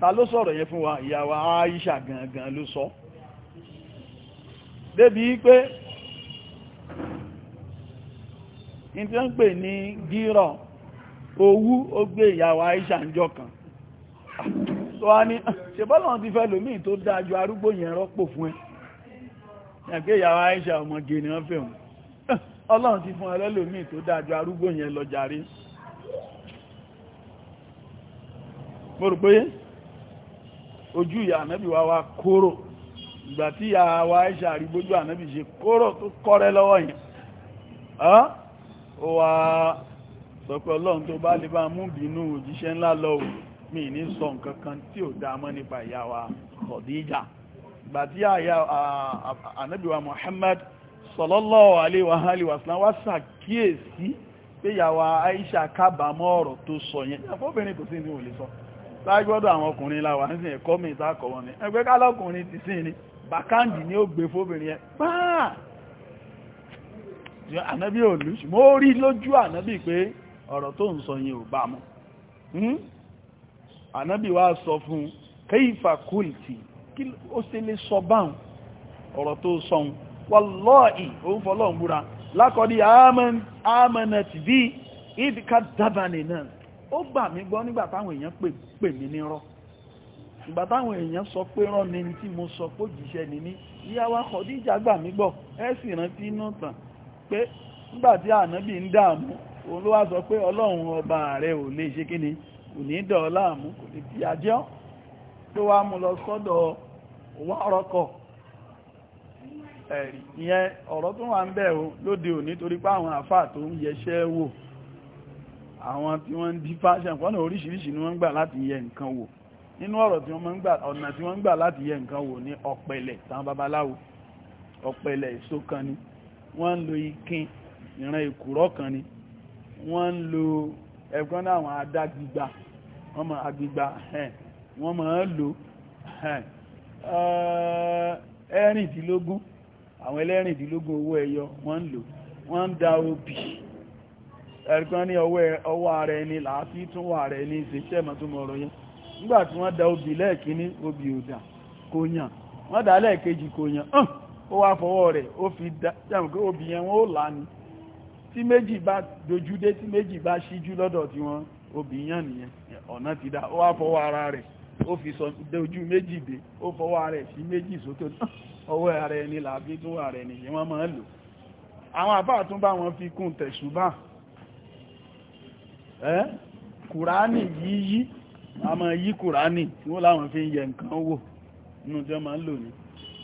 ta ló sọ̀rọ̀ yẹn fún wa ìyàwó Aisha gangan ló sọ débi pé ní tí wọ́n ń pè ní gírọ̀ owú ó gbé ìyàwó Aisha ń jọ kan tó wá ní ṣebọ́lọ̀ ti fẹ́ lómìn tó dájú arúgbó yẹn rọ́pò fún ẹ yàgbé ìyàwó Aisha ọmọ gẹ̀ẹ́ni wọ́n fẹ́ ọlọ́run ti fún ẹlẹ́lòmíì tó dájú arúgbó yẹn lọ jàre mo rò pé ojú ìyá ànábì wa wá kóró ìgbà tí ìyá Aisha rí bójú ànábì ṣe kóró tó kọ́rẹ́ lọ́wọ́ yẹn ó wá sọ pé ọlọ́run tó bá lè bá mú bínú òjíṣẹ́ ńlá lọ mi ní sọ nǹkan kan tí ò dá mọ́ nípa ìyá wa Khadija ìgbà tí àyà ànábìwá Muhammad sallallahu alaihi wa alihi wasallam wá ṣàkíyèsí pé ìyá Aisha kábàámọ̀ ọ̀rọ̀ tó sọ yẹn àbóbìnrin kò sí ní òlè sọ lágbọ́dọ̀ àwọn ọkùnrin láwà ní ẹ̀kọ́ mi ìtàkọ̀ wọn ni ẹgbẹ́ kálọ́kùnrin ti sí ni bàkáǹdì ni ó gbé fóbìnrin ẹ báà ànábí ò lù ṣùgbọ́n ó rí lójú ànábí pé ọ̀rọ̀ tó ń sọ yẹn ò bá mu hmm? ànábí wa sọ fún kẹ́yìfà kúlìtì kí ó ṣe lè sọ báhùn ọ̀rọ̀ tó sọun wàlọ́ọ̀ì òun fọlọ́ọ̀n búra lákọ̀ọ́dí àmánàtì bí ìdíkà dábàní náà ó gbà mí gbọ́ nígbà táwọn èèyàn pè mí nírọ́ ìgbà táwọn èèyàn sọ pé rán ni tí mo sọ pé ni mí ìyá wa Khadija gbà mí gbọ́ ẹ sì rántí inú tàn pé nígbàtí ànábì ń dààmú o ló wá sọ pé ọlọ́run ọba rẹ̀ ò lè ṣe kíni kò ní dọ̀ láàmú kò lè fi àjẹ́ tó wá mú lọ sọ́dọ̀ wá ọ̀rọ̀kọ̀ ẹ̀rì ìyẹn ọ̀rọ̀ tó wà ń bẹ̀ o lóde òní torí pé àwọn àfáà tó ń yẹṣẹ́ wò àwọn tí wọ́n ń di fashion pọ́nà oríṣiríṣi ni wọ́n ń gbà láti yẹ nǹkan wò nínú ọ̀rọ̀ tí wọ́n ń gbà ọ̀nà tí wọ́n ń gbà láti yẹ nǹkan wò ní ọ̀pẹ̀lẹ̀ táwọn babaláwo ọ̀pẹ̀lẹ̀ èso ni wọ́n ń lo ikin ìran ìkùrọ́ kan ni wọ́n ń lo ẹ̀gbọ́n náà àwọn adágbígba wọ́n máa agbígba wọ́n máa ń lo ẹ̀rìndínlógún àwọn ẹlẹ́rìndínlógún owó ẹyọ wọ́n ń lò wọ́n ń da obì ẹ̀rìkan ní ọwọ́ ara ẹni láti tún wà ní yẹn nígbà tí wọ́n da obì lẹ́ẹ̀kíní obì ò dà kò yàn wọ́n lẹ́ẹ̀kejì kò yàn ó wá fọwọ́ rẹ̀ ó fi dáhùn pé obì yẹn wọ́n ó là ní tí méjì bá dojú dé tí méjì bá ṣíjú lọ́dọ̀ tí wọ́n obì yẹn nìyẹn ọ̀nà ti dá ó wá fọwọ́ ara rẹ̀ ó fi sọ dojú méjì dé ó fọwọ́ ara rẹ̀ sí méjì sókè ọwọ́ ara ẹni làbí tó wà rẹ̀ nìyẹn wọ́n máa ń lò àwọn àbá tún bá wọn fi kún tẹ̀sùbà kùránì yíyí a máa yí kùránì tí wọ́n láwọn fi ń yẹ nǹkan wò nínú jẹ́ máa ń lò ní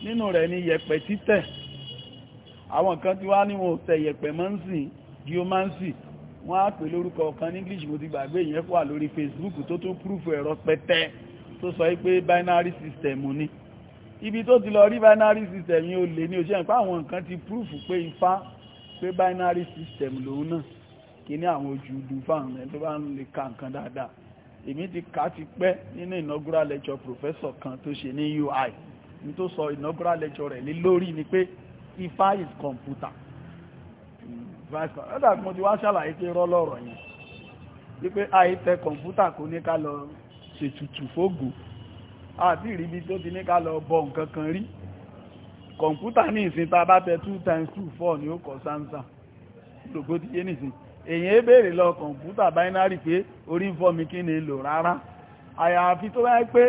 nínú rẹ̀ ni yẹ̀pẹ̀ títẹ̀ àwọn kan tí wá ní wọn ò tẹ̀ yẹ̀pẹ̀ mọ́ ń sìn geomancy wọ́n á pè lórúkọ kan ní english mo ti gbàgbé ìyẹn wà lórí facebook tó tó prúfù ẹ̀rọ pẹtẹ tó sọ pé binary system ni ibi tó ti lọ rí binary system yìí ó lè ní oṣù ẹ̀pá àwọn nǹkan ti prúfù pé ifá pé binary system lòun náà kí ní àwọn ojú ìlú fáwọn ẹ̀ tó bá ń lè ka nǹkan dáadáa èmi ti kà á ti pẹ́ nínú inaugural lecture professor kan tó ṣe ní ui ní tó sọ inaugural lecture rẹ̀ lé lórí ni pé ifá is computer ẹ́dà mo ti wá ṣàlàyé pé rọ́ lọ́rọ̀ yẹn wípé àìtẹ kọ̀mpútà kò ní ká lọ ṣètùtù fógò àti ìrìbí tó ti ní ká lọ bọ nǹkan kan rí kọ̀mpútà ní ìsìn ta bá tẹ 2 times 2 4 ni ó kọ sáńsà lògbó ti yé nìsìn èyàn é lọ kọ̀mpútà binary pé orí ń fọ́ mi kí ni lò rárá àyàfi tó bá pé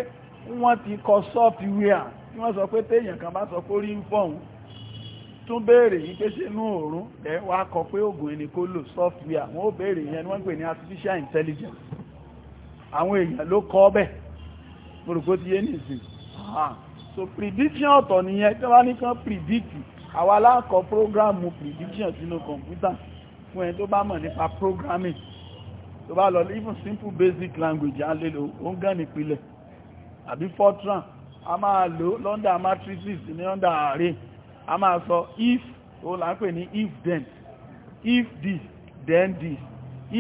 wọ́n ti kọ sọ́fíwíà tí wọ́n sọ pé téèyàn kan bá sọ pé orí ń fọ́hun tún béèrè yìí pé ṣe inú òórùn ẹ wá kọ pé oògùn ẹni kó lò sọ́fíwíà wọ́n ó béèrè yẹn wọ́n pè ní artificial intelligence àwọn èèyàn ló kọ bẹ́ẹ̀ mo rò pé ó ti yé nìsín so prediction ọ̀tọ̀ nìyẹn tí wọ́n bá ní kan predict àwa aláàkọ prógrámù prediction sínú kọ̀ǹpútà fún ẹni tó bá mọ̀ nípa programming tó bá lọ even simple basic language á lè lò ó ń gán nípìnlẹ̀ àbí fortran a máa lò lọ́ndà matrices ní lọ́ndà array a máa sọ if ó là ní if then if this then this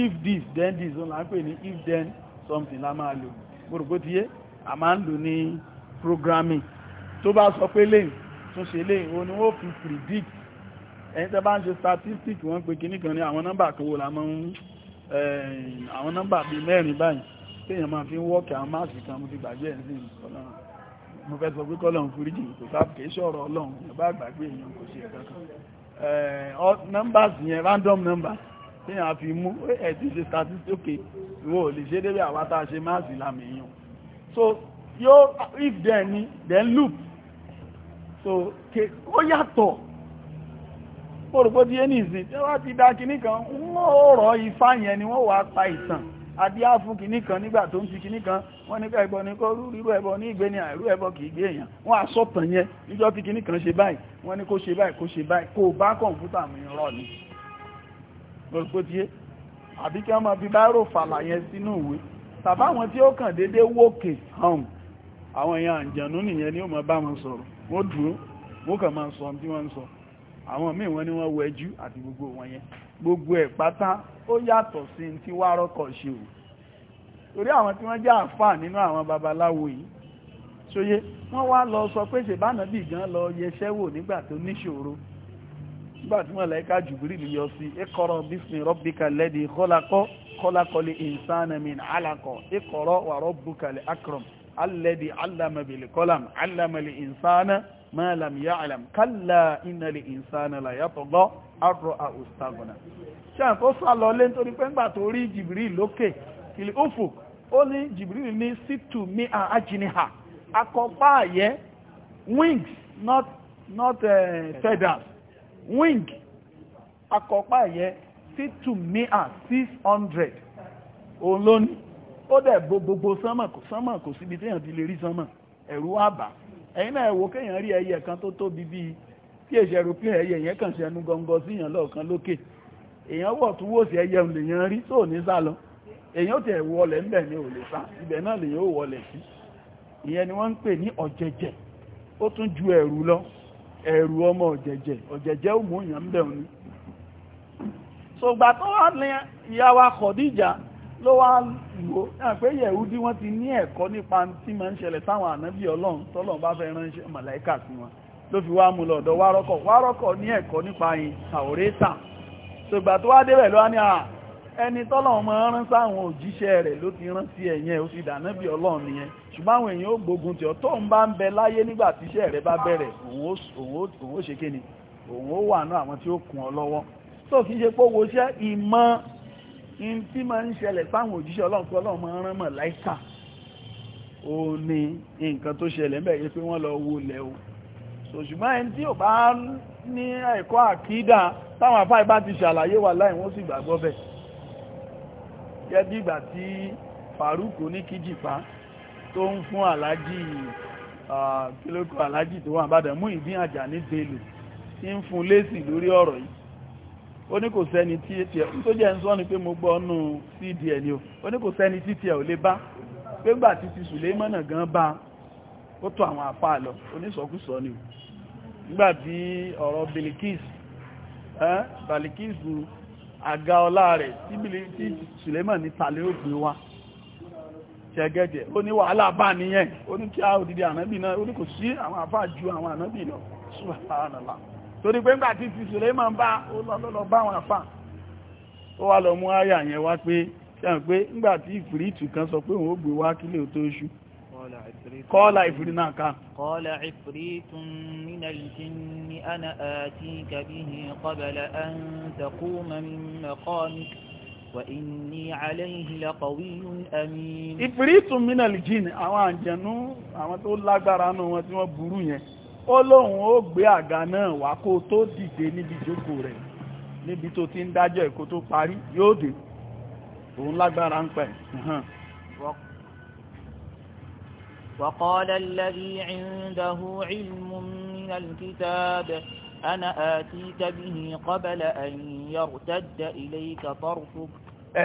if this then this ó là ní if then something la máa lò gbogbo ti yé a máa ń lò ní programming tó bá sọ pé lẹ́yìn tún ṣe lẹ́yìn ó ní ó fi predict ẹni tẹ́ bá ń ṣe statistics wọ́n pè kíní kan ní àwọn nọ́mbà kan wò la eh, àwọn nọ́mbà bíi mẹ́rin báyìí téèyàn máa fi ń wọ́ọ̀kì àwọn máàsì kan mo ti gbàgbé ẹ̀ ọlọ́run mo fẹ́ sọ pé kọ́lọ́run foríjì kò sá kìí ọlọ́run èèyàn gbàgbé èèyàn kò ṣe ẹ̀kan so yóò if then ni then loop so ó yàtọ̀ mo rò pé díẹ̀ nìyí tí wọ́n ti dá kinní kan wọ́n rọ̀ ifá yẹn ni wọ́n wàá pa ìtàn adíá fún kinní kan nígbà tó ń ti kinní kan wọ́n ní ẹbọ ní kó rú rírú ẹbọ ní ìgbé ni àìrú ẹbọ kì í gbé èèyàn wọ́n àsọ̀tàn yẹn níjọ́ tí kinní kan ṣe báyìí wọ́n ní kó ṣe báyìí kó ṣe báyìí kó bá kọ̀ǹpútà mi rọ̀ ni lọ́sọ́tíyé àbí kí wọ́n máa fi báírò fàlà yẹn sínú ìwé tàbá àwọn tí ó kàn déédéé wọ́n ó yàtọ̀ sí tí wárọ́kọ̀ ṣe o torí àwọn tí wọ́n jẹ́ àfà nínú àwọn babaláwo yìí ṣóyé wọ́n wá lọ sọ pé ṣèbánà bì gan lọ yẹṣẹ́ wò nígbà tó níṣòro nígbà tí wọ́n lẹ́ka jùbírì lè yọ sí ikọ̀rọ̀ bísí rọ́bìkà lẹ́dí kọ́lákọ́ kọ́lákọ́ lè ìsánàmì alákọ̀ ikọ̀rọ̀ wà rọ́bùkà lè akram alẹ́dí alámàbìlì kọ́lám alámàlì ìsánà mọ́làm ya'lam kálá ìnàlì ìsánà làyàtọ̀ gbọ́ arọ àòsàgọ̀nà ṣáà tó sá lọ lé nítorí pé ńgbà tó rí Jibril lókè kìlì òfò ó ní Jibril ní sítù mi àjìnìhà akọpá àyẹ́ wings not not uh, feathers wing akọpá àyẹ́ situ mi à six hundred òun ló ní ó dẹ̀ bo gbogbo sánmà kò sánmà kò síbi téèyàn ti lè rí sánmà ẹ̀rù wá bà náà ẹ kéèyàn rí ẹyẹ kan tó tóbi bíi tí èṣẹ̀ aeroplane ẹyẹ yẹn kàn ṣe ẹnu gọngọ sí èèyàn lọ́ọ̀kan lókè èèyàn wọ̀ tún wòsì ẹyẹ lèèyàn rí tó ní sá lọ èèyàn tẹ̀ wọlẹ̀ ńbẹ̀ ni ò lè sá ibẹ̀ náà lèèyàn ò wọlẹ̀ sí ìyẹn ni wọ́n ń pè ní ọ̀jẹ̀jẹ̀ ó tún ju ẹ̀rù lọ ẹ̀rù ọmọ ọ̀jẹ̀jẹ̀ ọ̀jẹ̀jẹ̀ ó mú èèyàn ńbẹ̀ òní sògbà tó wá ní ìyá wa Khadija ló wá lò náà pé Yẹ̀húdí wọ́n ti ní ẹ̀kọ́ nípa tí máa ń ṣẹlẹ̀ sáwọn ànábì Ọlọ́run tọ́lọ́run bá fẹ́ ránṣẹ́ màláìkà sí wọn ló fi wá mú lọ́dọ̀ wárọ́kọ̀ wárọ́kọ̀ ní ẹ̀kọ́ nípa yìí tàórẹ́tà ṣùgbà tó wá débẹ̀ ló wá ní àà ẹni tọ́lọ́run máa rán sáwọn òjíṣẹ́ rẹ̀ ló ti rán sí ẹ̀yẹn ó sì dàná bí ọlọ́run nìyẹn ṣùgbọ́n àwọn èèyàn ó gbógun tí ọ tó ń bá ń bẹ láyé nígbà tíṣẹ́ rẹ̀ bá bẹ̀rẹ̀ òun ó ṣe kéni òun ó wà náà àwọn tí ó kún ọ lọ́wọ́ tó kìí ṣe pé owó iṣẹ́ ìmọ̀ in tí máa ń ṣẹlẹ̀ sáwọn òjíṣẹ́ ọlọ́run pé ọlọ́run máa rán mọ̀ láìka ó ní nǹkan tó ṣẹlẹ̀ ń bẹ̀ yẹ pé wọ́n lọ wo o ṣùgbọ́n ẹni tí ò bá ní ẹ̀kọ́ àkídà táwọn àfáà bá ti ṣàlàyé wà láì wọ́n sì gbàgbọ́ bẹ̀ jẹ́ dìgbà tí Faruku ní kíjìpá tó ń fún aláàjì kílókò aláàjì tó wà bàdàn mú ìdí àjà ní tèlù tí ń fún lésì lórí ọ̀rọ̀ yìí ó ní kò sẹ́ni tí tiẹ̀ tó jẹ́ ń sọ ni pé mo gbọ́ ọ́nù cdn ni o ó ní kò sẹ́ni tí tiẹ̀ ò lè bá pé gbà títí Sùlẹ́mọ́nà gan bá ó tó àwọn àpá lọ oníṣọkúsọ ni o nígbàtí ọ̀rọ̀ Bilikis Bilikis àga ọlá rẹ̀ tí Suleiman ní tàlẹ́ òpin wa ṣẹgẹ́jẹ̀ ó ní wàhálà bá níyẹn ó ní kí á òdìdí ànábì náà ó ní kò sí àwọn àfáà ju àwọn ànábì lọ subhanallah torí pé ńgbàtí ti Suleiman bá ó lọ́lọ́lọ́ bá àwọn àfáà ó wá lọ mú àyà yẹn wá pé ṣe hàn pé ńgbàtí ìfìrìtù kan sọ pé òun ó gbé wá kílé ò tó ṣú kọ́ọ̀lá ìfìrí náà ká kọ́ọ̀lá ìfìrí tún nínà ìjìnní ana àti kàbíhì kọbàlá an takúmà mímọ̀ kọ́ọ̀mí wà ní aláìhì lápàwíyún amin ìfìrí tún nínà ìjìnní àwọn àjẹnú àwọn tó lágbára nù wọn tí wọ́n burú yẹn ó lóun ó gbé àga náà wá kó tó dìde níbi jókòó rẹ̀ níbi tó ti ń dájọ́ ẹ̀kọ́ tó parí yóò dé òun lágbára ń pẹ̀ وقال الذي عنده علم من الكتاب أنا آتيت به قبل أن يرتد إليك طرفك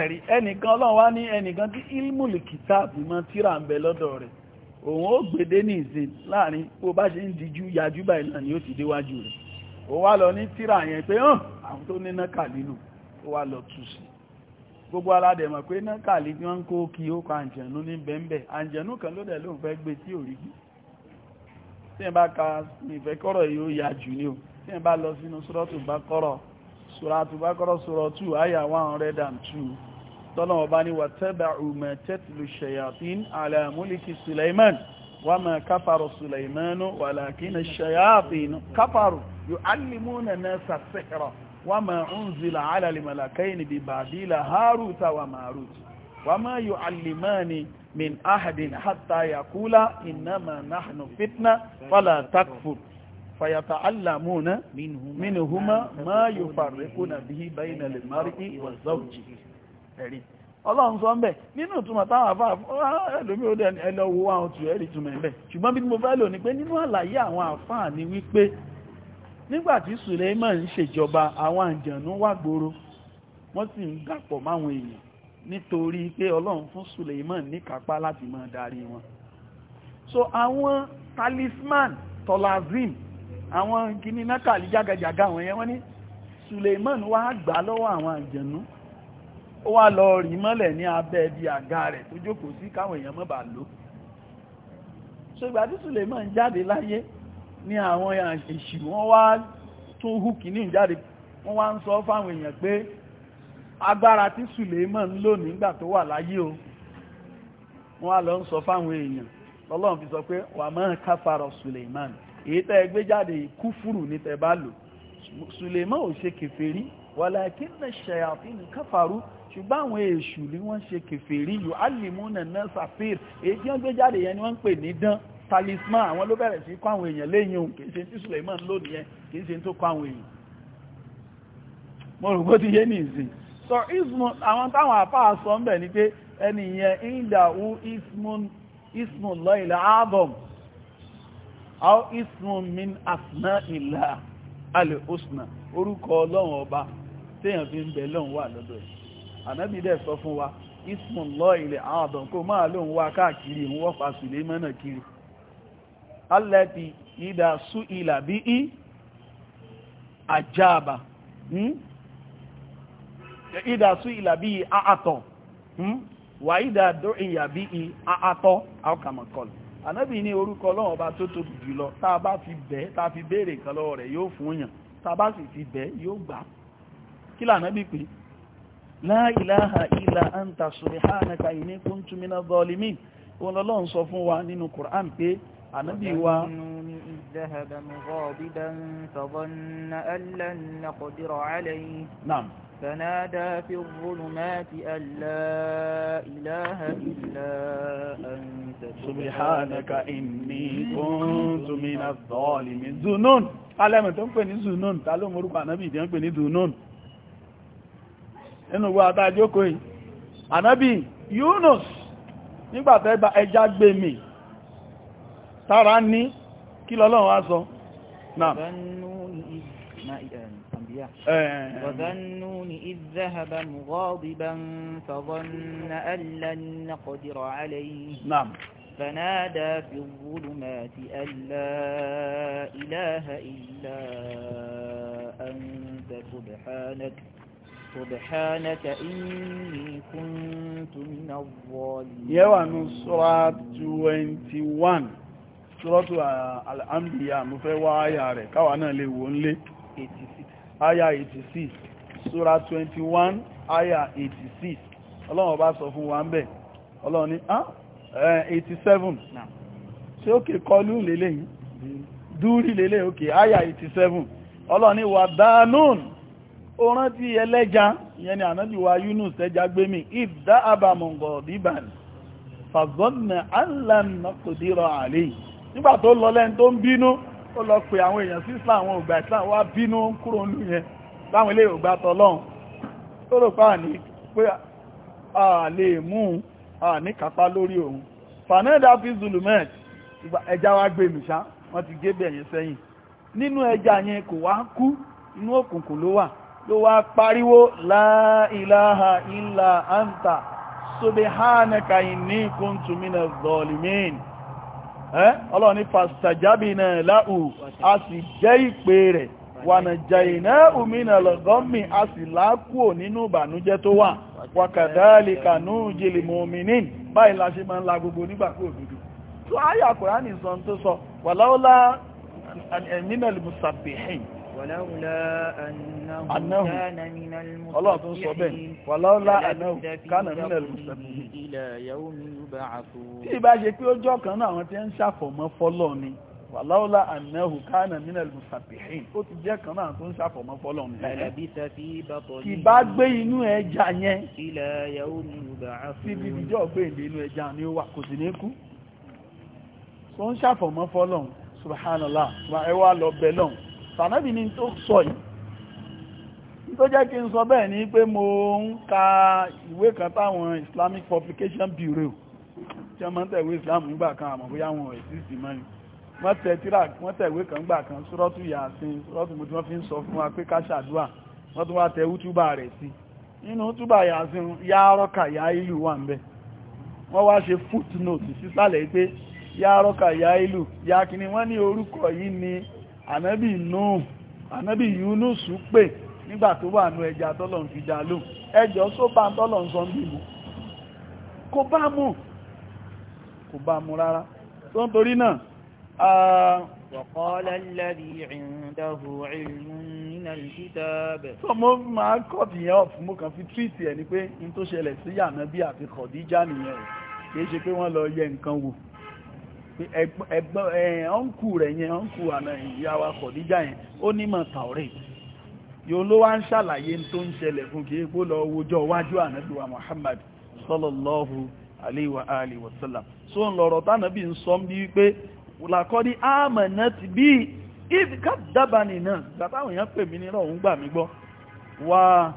ẹ̀rí ẹnìkan ọlọ́run wá ní ẹnìkan tí ilmùlì kìtàbù mọ́ tíra ń bẹ lọ́dọ̀ rẹ̀ òun ó gbèdé ní ìsìn láàrin bó bá ṣe ń dijú yajú báyìí náà ni ó ti déwájú rẹ̀ ó wá lọ ní tíra yẹn pé hàn àwọn tó níná kà nínú ó wá lọ tù gbogbo aládẹ̀ mọ̀ pé náà kàlí tí wọ́n ń kó kí ó kọ àǹjẹ̀nú ní bẹ́ẹ̀bẹ̀ àǹjẹ̀nú kan ló dẹ̀ ló ń fẹ́ gbé tí ò rí bí tí ẹ bá ka ìfẹ́ kọ́rọ̀ yìí ó yà jù ní o tí ẹ bá lọ sínú sọ́rọ́tù bá kọ́rọ̀ sọ́rọ́tù bá kọ́rọ̀ sọ́rọ̀ àyà 102 tọ́lọ́wọ́ bá ní wattaba'u wa ma unzila ala al-malakaini bi babila haruta wa marut wa ma yu'allimani min ahadin hatta yaqula innama nahnu fitna fala takfur fayata'allamuna minhuma ma yufarriquna bihi bayna al-mar'i wa zawji ẹ̀rí ọlọ́run sọ ń bẹ̀ nínú ìtumọ̀ táwọn àfáà ah, ẹlòmí ó dẹ̀ ẹlọ́wọ́ àwọn tù ẹ̀rí ìtumọ̀ ẹ̀bẹ̀ ṣùgbọ́n bí mo fẹ́ lò ní pé nínú àlàyé àwọn àfáà ni wípé nígbàtí Suleiman ń ṣèjọba àwọn àjànú wà gbòòrò wọ́n sì ń dàpọ̀ máwọn èèyàn nítorí pé ọlọ́run fún Suleiman níkápá láti máa darí wọn so àwọn talisman tolazim àwọn kìíní nákàlí jágajàga àwọn yẹn wọ́n ní Suleiman wá gbà lọ́wọ́ àwọn àjànú ó wá lọ rí mọ́lẹ̀ ní abẹ́ ibi àga rẹ̀ tó jókòó sí káwọn èèyàn má bàa lò so ìgbà tí Suleiman jáde láyé ní àwọn èṣì wọ́n wá tún hù kìíní jáde wọ́n wá ń sọ fáwọn èèyàn pé agbára tí Suleiman ń lò nígbà tó wà láyé o wọ́n á lọ ń sọ fáwọn èèyàn lọ́lọ́run fi sọ pé wà máa káfàrọ̀ Suleiman èyí tẹ́ ẹgbẹ́ jáde kúfùrù ní tẹ́ bá lò Suleiman ò ṣe kèfèrí wàlákínà ṣàyàfínà káfàrú ṣùgbọ́n àwọn èṣù ni wọ́n ṣe kèfèrí yóò alìmúnà náà sàfíìr èyí tí wọ́n gbé jáde yẹn ni wọ́n ń pè ní dán talisman àwọn ló bẹ̀rẹ̀ sí kọ́ àwọn èèyàn lẹ́yìn ohun kìí ṣe tí Suleiman lónìí yẹn kìí ṣe tó kọ́ àwọn èèyàn mo rò bó ti yé ní ìsìn so ismun àwọn táwọn àpá sọ ń bẹ̀ ni pé ẹni yẹn ismun lọ ilẹ̀ adam how ismun min asna ilẹ̀ alẹ́ osna orúkọ ọlọ́run ọba téèyàn fi ń bẹ lọ́run wà lọ́dọ̀ ẹ̀ ànábì sọ fún wa ismun lọ ilẹ̀ adam kó máa lóun wá káàkiri òun wọ́pa Suleiman náà kiri allati idha su'ila bi'i ajaba hmm? idha su'ila bi'i a'ato hmm? wa idha du'iya bi'i a'ato aw kama qala Ànábì ní orúkọ Ọlọ́run Ọba tó tóbi jùlọ tá bá fi bẹ̀ tá fi béèrè kan lọ́wọ́ rẹ̀ yóò fún yàn tá bá sì fi bẹ̀ yóò gbà kí la Ànábì pè la ilaha illa anta subhanaka inni kuntu minadh sọ fún wa nínú Qur'an pé ànábì wa ذهب مغاضبا فظن أن لن نقدر عليه نعم فنادى في الظلمات أن لا إله إلا أنت سبحانك إني كنت من الظالمين ذنون alẹ́mẹ̀ tó ń pè ní zunun ta ló morúkọ ànábì ìdí ń pè ní zunun nínú gbọ́ àtàjókòó ànábì Yunus nígbàtẹ́ ẹja gbé mi tára ní kí lọ́lọ́run á sọ náà وظنون إذ ذهب مغاضبا فظن أن لن نقدر عليه نعم فنادى في الظلمات أن لا إله إلا أنت سبحانك سبحانك إني كنت من الظالمين يوان سورة 21 ṣúrọ́tù al'ambiya mú fẹ́ wá àyà rẹ̀ káwà náà lè wò ń lé àyà 86 ṣúra 21 àyà 86 ọlọ́run bá sọ fún wa ń bẹ̀ ọlọ́run ní 87 ah, ṣé òkè kọlù lélẹ̀ yìí dúrí lélẹ̀ òkè àyà 87 ọlọ́run ní wà dánún ó ti ẹlẹ́ja ìyẹn ni ànábì wa Yunus ẹja gbémi ìdá àbàmọ̀ngọ̀ bíbàn fàzọ́nà allan nàkùdírọ̀ àléyìí nígbà tó lọ lẹ́ni tó ń bínú ó lọ pè àwọn èèyàn sí islam àwọn ògbà islam wá bínú kúrò ń lù yẹn láwọn ilé ògbà tọlọ́run tó rò pàà ní pé a lè mú a ní kápá lórí òun fanada fi zulumet ẹja wá gbé mi ṣá wọ́n ti gé bẹ̀yẹn sẹ́yìn nínú ẹja yẹn kò wá kú inú òkùnkùn ló wà ló wá pariwo la ilaha illa anta subhanaka inni kuntu minaz zalimin ọlọ́run ní fastajabina láhù a sì jẹ́ ìpè rẹ̀ wànà jàìnà òmìnà lọ́gọ́mì a sì lákúò nínú ìbànújẹ́ tó wà wàkàdáàlì kanú jìlì mọ̀mìnì báyìí la ṣe ń la gbogbo nígbàkú òdúdú anahu ọlọ́run tó ń sọ bẹ́ẹ̀ wàláwọ́lá anahu kánà nínú ẹlùmùsẹ̀kùn tí ìbá ṣe pé ọjọ́ kan náà àwọn tí ń ṣàfọ̀mọ́ fọ́lọ́ ni wàláwọ́lá ànáhù káànà mínà lùsàbìhìn ó ti jẹ́ kan náà tó ń ṣàfọ̀mọ́ fọ́lọ́n kì bá gbé inú ẹja yẹn síbi ìjọ́ ó ní kú tó sànábì ni tó sọ yìí tó jẹ́ kí n sọ bẹ́ẹ̀ ni pé mo ń ka ìwé kan táwọn Islamic Publication Bureau tí wọ́n máa ń Islam nígbà kan àmọ́ bóyá wọn exist mọ́ ni wọ́n tẹ̀ tíra wọ́n tẹ̀wé kan gbà kan sọ́rọ́tù yàásín sọ́rọ́tù mo tí wọ́n fi ń sọ fún wa pé ká ṣàdúà wọ́n tún wá tẹ útúbà rẹ̀ sí nínú túbà yàásín yá rọ́kà yá ìlú wà ń bẹ̀ wọ́n wá ṣe footnote sísàlẹ̀ pé yá rọ́kà yá ìlú yá kìíní wọ́n ní orúkọ yìí ni ànábì Nuh ànábì Yunus pè nígbà tó wà nú ẹja tọ́lọ̀ ń fi dá lò ẹjọ́ só bá tọ́lọ̀ ń sọ ń bìbù kò bá mú kò bá mú rárá tó ń torí náà وقال الذي عنده ti yan of mo kàn fi treat ẹ pé in tó ṣẹlẹ̀ sí Ànábì àti Khadija nìyẹn ke ṣe pé wọ́n lọ yẹ nǹkan wò ọ̀nkù rẹ̀ yẹn ọ̀nkù àna ìyáwá kọ̀díjà yẹn ó nímọ̀ tàwọ̀rẹ̀ yóò ló wá ń ṣàlàyé tó ń ṣẹlẹ̀ fún kí epo lọ wojọ́ wájú ànábìwá Muhammad sallallahu alayhi wa so tánàbí ń sọ bí wípé bí gbàtàwọn èèyàn pè mí òun gbà mí wà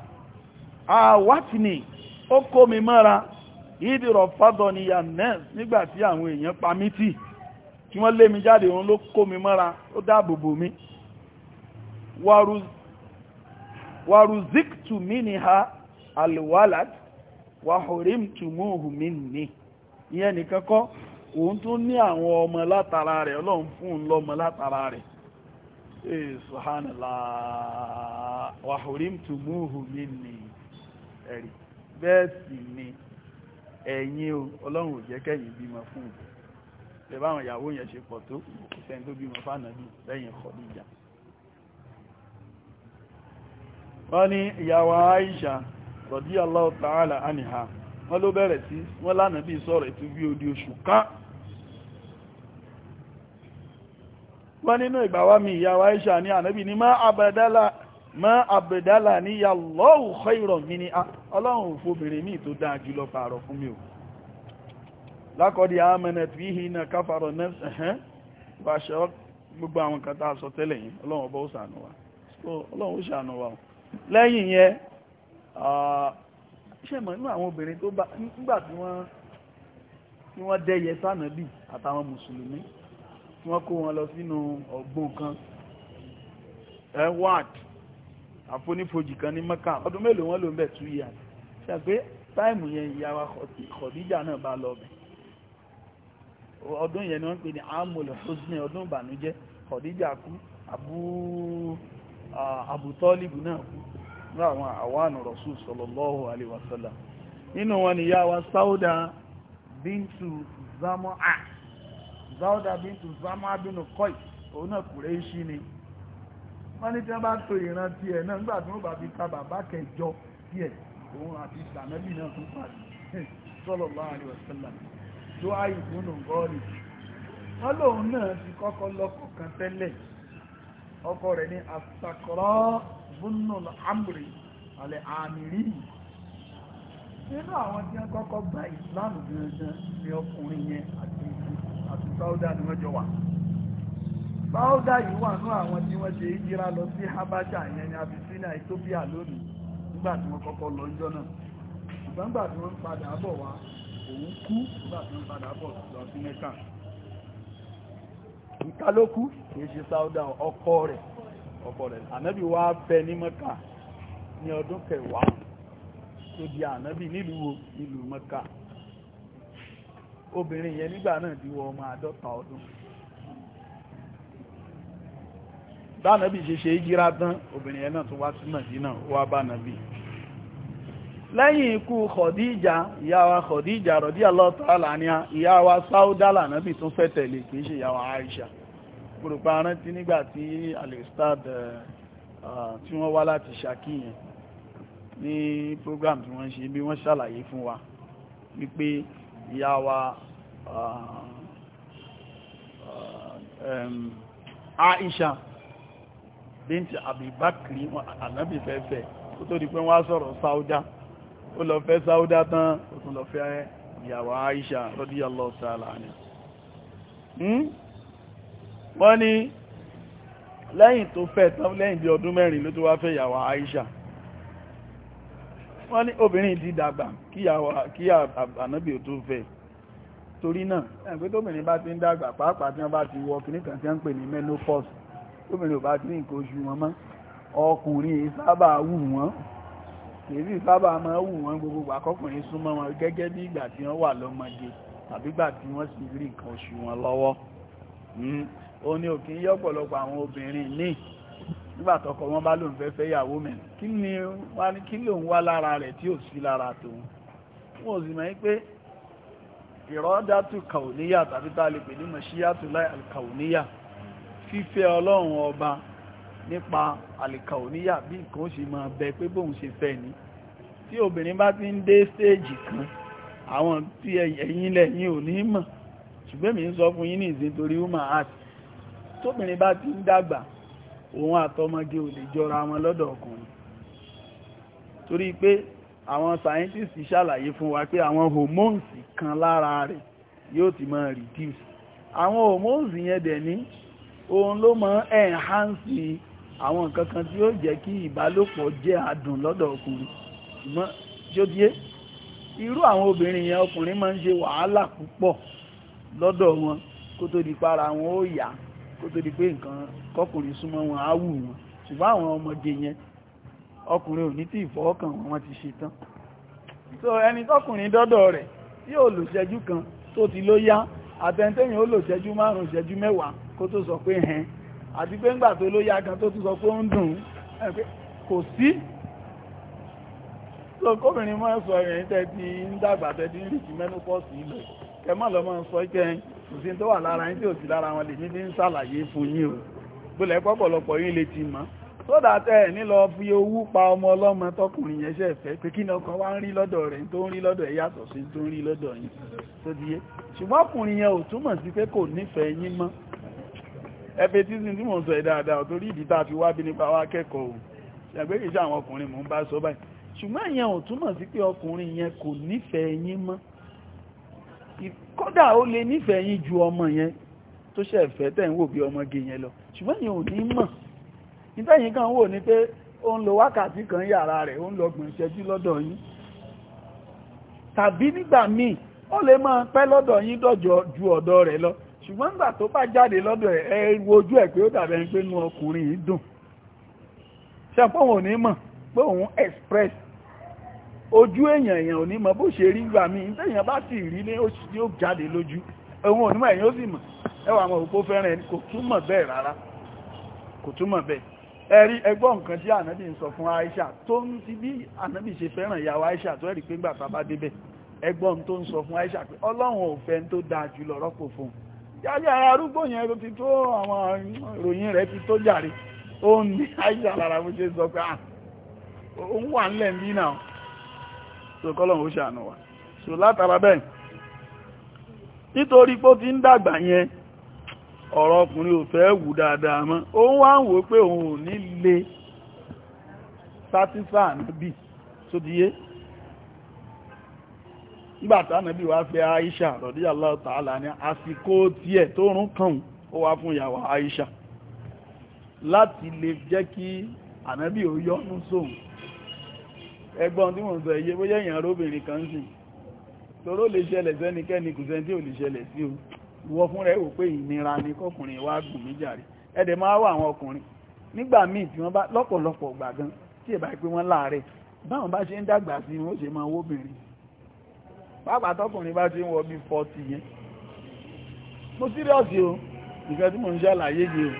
ó kó mi mọ́ra ìdìrọ̀ tí wọ́n lé mi jáde òun ló kó mi mọ́ra ó dáàbòbò mi wàrùzíktù mí ni ha alwalad wàhùrím tùmúhù mí ni ìyẹn nìkan kọ́ òun tún ní àwọn ọmọ látara rẹ̀ ọlọ́run fún un lọ́mọ látara rẹ̀ ee subhanallah wàhùrím tùmúhù bẹ́ẹ̀ sì ni ẹ̀yin ọlọ́run ò jẹ́ kẹ́yìn bímọ fún un tẹ̀bá àwọn ìyàwó yẹn ṣe pọ̀ tó ìsẹ́ni tó bímọ fánàbí lẹ́yìn Khadija wọ́n ní ìyàwó Aisha radiyallahu ta'ala anha wọ́n ló bẹ̀rẹ̀ sí wọ́n lánàá bí sọ̀rọ̀ ètò bí odi oṣù kan wọ́n nínú ìgbàwá mi ìyàwó Aisha ní ànábì ní máa àbẹ̀dálà ma àbẹ̀dálà ní yàlọ́wù khayran ah, mi ni ọlọ́run fòbìnrin lákọ̀ọ́dí àmẹ́nẹ̀t fíhì náà káfàrọ̀ nẹ́fẹ̀ẹ́ bá ṣe gbogbo àwọn kan tá a sọ tẹ́lẹ̀ yìí ọlọ́run ọba ó ṣàánú wa ọlọ́run ó ṣàánú wa lẹ́yìn yẹn ṣe mọ̀ nínú àwọn obìnrin tó bá nígbà tí wọ́n tí wọ́n dẹ́yẹ sánàbì àtàwọn mùsùlùmí tí wọ́n kó wọn lọ sínú ọ̀gbun kan edward àfonífojì kan ní mẹ́kà ọdún mélòó wọn ló ń bẹ̀ two years ṣe táìmù yẹn ìyá wa Khadija náà bá lọ bẹ̀ ọdún yẹn ni wọ́n pè ní ọdún ìbànújẹ́ kọ̀díjà kú àbútọ́lìbù náà kú ní àwọn àwọn rọ̀sù sallallahu nínú wọn ni yáwa sáúdà bíntù zamoa sáúdà bíntù zamoa bínú kọ́ì òun náà ni wọ́n ní tí wọ́n bá tó ìran náà nígbà tí wọ́n bá fi ta bàbá kẹjọ òun àti náà tún pàdé ṣóá ìgbónà gọ́ọ̀lì wọ́n náà ti kọ́kọ́ lọ́kọ̀ kan tẹ́lẹ̀ ọkọ rẹ̀ ní àtàkọ́rọ́ búnnù amri alẹ́ àmìrí nínú àwọn tí wọ́n kọ́kọ́ gba ìsìláàmù gangan ni ọkùnrin yẹn àti sáúdà ni wọ́n jọ wà yìí wà ní àwọn tí wọ́n lọ sí habasha yẹn ní abisina ethiopia lónìí nígbà tí wọ́n kọ́kọ́ náà òun kú nígbà tí ó padà bọ̀ lọ sí mẹ́kà ìka ló kú kìí ṣe sáúdà ọkọ rẹ̀ ọkọ rẹ̀ ànábì wá bẹ ní mẹ́kà ní ọdún kẹwàá tó di ànábì nílùú wo nílùú mẹ́kà obìnrin yẹn nígbà náà ti wọ ọmọ àádọ́ta ọdún bánabi ṣe ṣe ìjírá tán obìnrin yẹn náà tún wá sí Mádínà wá bánabi lẹ́yìn ikú Khadija ìyá wa Khadija radiyallahu ta'ala anha ìyá wa Sauda lànàbì tún fẹ́ tẹ̀lé kìí ṣe ìyá wa Aisha gbòròpá rántí nígbà tí alistad eh, ah, tí wọ́n wá láti ṣàkíyàn ní program tí wọ́n ṣe bí wọ́n ṣàlàyé fún wa wípé ìyá wa ah, ah, Aisha bíntì Abubakar ànábì fẹ́fẹ́ kó tó di pé wọ́n á sọ̀rọ̀ Sauda ó lọ fẹ́ sáúdá tán ó tún lọ fẹ́ ìyàwó Aisha radiyallahu ta'ala anha hmm? wọ́n ní lẹ́yìn tó fẹ́ tán lẹ́yìn bí ọdún mẹ́rin ló tó wá fẹ́ ìyàwó Aisha wọ́n ní obìnrin ti dàgbà kí ànábì tó fẹ́ torí náà ẹgbẹ́ tóbìnrin bá ti ń dàgbà pàápàá tí wọ́n bá ti wọ kìnnìkan tí wọ́n ń pè ní menopause tóbìnrin ò bá ti ní nǹkan oṣù wọn mọ́ ọkùnrin sábà wù wọ́n kìí sábà máa wù wọ́n gbogbo àkọ́kùnrin súnmọ́ wọn gẹ́gẹ́ bí ìgbà tí wọ́n wà lọ́mọdé tàbí ìgbà tí wọ́n sì rí nǹkan oṣù wọn lọ́wọ́ hmm. ó ní òkè yí ọ̀pọ̀lọpọ̀ àwọn obìnrin ní nígbà tọkọ wọn bá lóun fẹ́ẹ́ fẹ́yàwó mẹ́ kí ni wá ní kí lòun wá lára rẹ̀ tí ò sí lára tòun wọn ò sì mọ̀ pé ìrọ́dátù kàwòníyà tàbí tá a lè pè ní mọ̀ṣíyàtù láì kàwòníyà fífẹ́ ọlọ́run ọba nípa àlìkà òníyà bí nǹkan ó ṣe máa bẹ pé bóun ṣe fẹ́ ni tí obìnrin bá ti ń dé stéèjì kan àwọn tí ẹ̀yin lẹ́yìn ò ní mọ̀ ṣùgbọ́n mi ń sọ fún yín ní ìsìn torí human heart tóbìnrin bá ti ń dàgbà òun àtọmọge ò lè jọra wọn lọ́dọ̀ ọkùnrin torí pé àwọn scientists ṣàlàyé fún wa pé àwọn hormones kan lára rẹ̀ yóò ti máa reduce àwọn hormones yẹn dẹ̀ ní òun ló máa enhance àwọn nǹkan kan tí yóò jẹ́ kí ìbálòpọ̀ jẹ́ adùn lọ́dọ̀ ọkùnrin ṣùgbọ́n jódíé irú àwọn obìnrin yẹn ọkùnrin máa ń ṣe wàhálà púpọ̀ lọ́dọ̀ wọn kó tó di para wọn ó yá kó tó di pé nǹkan kọkùnrin súnmọ́ wọn á wù wọn ṣùgbọ́n àwọn ọmọge yẹn ọkùnrin ò ní tí ìfọwọ́kàn wọn ti ṣe tán so ẹni tọkùnrin dọ́dọ̀ rẹ̀ tí ò lò ṣẹ́jú kan tó ti ló yá àtẹ̀ntẹ́yìn ó lò ṣẹ́jú márùn-ún ṣẹ́jú mẹ́wàá kó tó sọ pé hẹn àti pé ńgbà tó ló yá kan tó tún sọ pé ó ń dùn kò sí so kóbìnrin mọ́ sọ ẹ̀yìn tẹ́ ti ń dàgbà tẹ́ ti ń rí ti mẹ́núpọ́ọ̀sì ilẹ̀ kẹ mọ́ lọ́mọ́ sọ ìkẹ́ kò sí tó wà lára yín tí ò sí lára wọn lè ní ní ṣàlàyé fún yín o gbọ́lẹ̀ pọ́pọ̀lọpọ̀ yín lè ti mọ̀ tó dàtẹ́ ẹ̀ nílọ fi owó pa ọmọ ọlọ́mọ tọkùnrin yẹn ṣe fẹ́ pé kí ni ọkọ wa ń rí lọ́dọ̀ rẹ̀ tó ń rí lọ́dọ̀ ẹ̀ yàtọ̀ sí tó ń rí lọ́dọ̀ yín tó di yé ṣùgbọ́n ọkùnrin yẹn ò túmọ̀ sí pé kò nífẹ̀ẹ́ yín mọ́ ẹ̀fẹ́ tí sí tí mò ń sọ ìdáadáa torí ìdí tá a fi wá bí nípa wá kẹ́kọ̀ọ́ o ṣàgbé kìí ṣe àwọn ọkùnrin mò ń bá sọ báyìí ṣùgbọ́n ìyẹn ò túmọ̀ sí pé ọkùnrin yẹn kò nífẹ̀ẹ́ yín mọ́ kódà ó lè nífẹ̀ẹ́ yín ju ọmọ yẹn tó ṣe ẹ̀fẹ́ tẹ̀ ń wò bí ọmọge yẹn lọ ṣùgbọ́n ìyẹn ò ní mọ̀ nítẹ̀yìn lo ṣùgbọ́n nígbà tó bá jáde lọ́dọ̀ ẹ̀ ẹ wo ojú ẹ̀ pé ó dàbẹ̀ ń pé inú ọkùnrin yìí dùn ṣe pé òun ní mọ̀ pé òun express ojú èèyàn èèyàn ò ní mọ̀ bó ṣe rí gbà mí téèyàn bá sì rí ní oṣù tí ó jáde lójú òun ò ní mọ̀ èèyàn ó sì mọ̀ ẹwà àwọn òpó fẹ́ràn ẹni kò túmọ̀ bẹ́ẹ̀ rárá kò túmọ̀ bẹ́ẹ̀ ẹ̀rí ẹgbọ́n nǹkan tí ànábì ń sọ fún Aisha tó ń ti bí ànábì ṣe fẹ́ràn ìyàwó Aisha tó ẹ̀rí pé gbà tá bá débẹ̀ ẹgbọ́n tó ń sọ fún Aisha pé Ọlọ́run ò fẹ́ tó dáa jù lọ rọ́pò fún un jáde ara arúgbó yẹn ti tó àwọn ìròyìn ti tó jàre ó ní àìsàn lára bó ṣe sọ pé ah, òun wà ńlẹ̀ bí náà so kọ́lọ̀n ó ṣàánú wa so látara bẹ́ẹ̀ nítorí pé ó ti ń dàgbà yẹn ọ̀rọ̀ pé òun ò ní le satisfy níbi tó nígbàtà nàbí wá fẹ́ Aisha radiyallahu ta'ala ní àsìkò tiẹ̀ tó rún kàn ó wá fún ìyàwó Aisha láti lè jẹ́ kí ànábì ò yọ́nú sóhun ẹgbọ́n tí wọ́n sọ iye bóyá èèyàn róbìnrin kan sì tóró lè ṣẹlẹ̀ sẹ́nikẹ́ni kò sẹ́ni tí ò lè ṣẹlẹ̀ sí o wọ́n fún rẹ̀ wò pé ìnira ni kọkùnrin wá gùn mí jàre ẹ̀dẹ̀ máa wà àwọn ọkùnrin nígbà míì tí wọ́n bá lọ́pọ̀lọpọ̀ gbàgán tí ìbá pé wọ́n láàárẹ̀ báwọn bá ṣe ń dàgbà sí wọ́n ṣe máa wóbìnrin pàápàá tọkùnrin bá ti ń wọ bí 40 yẹn mo sírìọ́sì o ìfẹ́ tí mo ń ṣàlàyé yìí o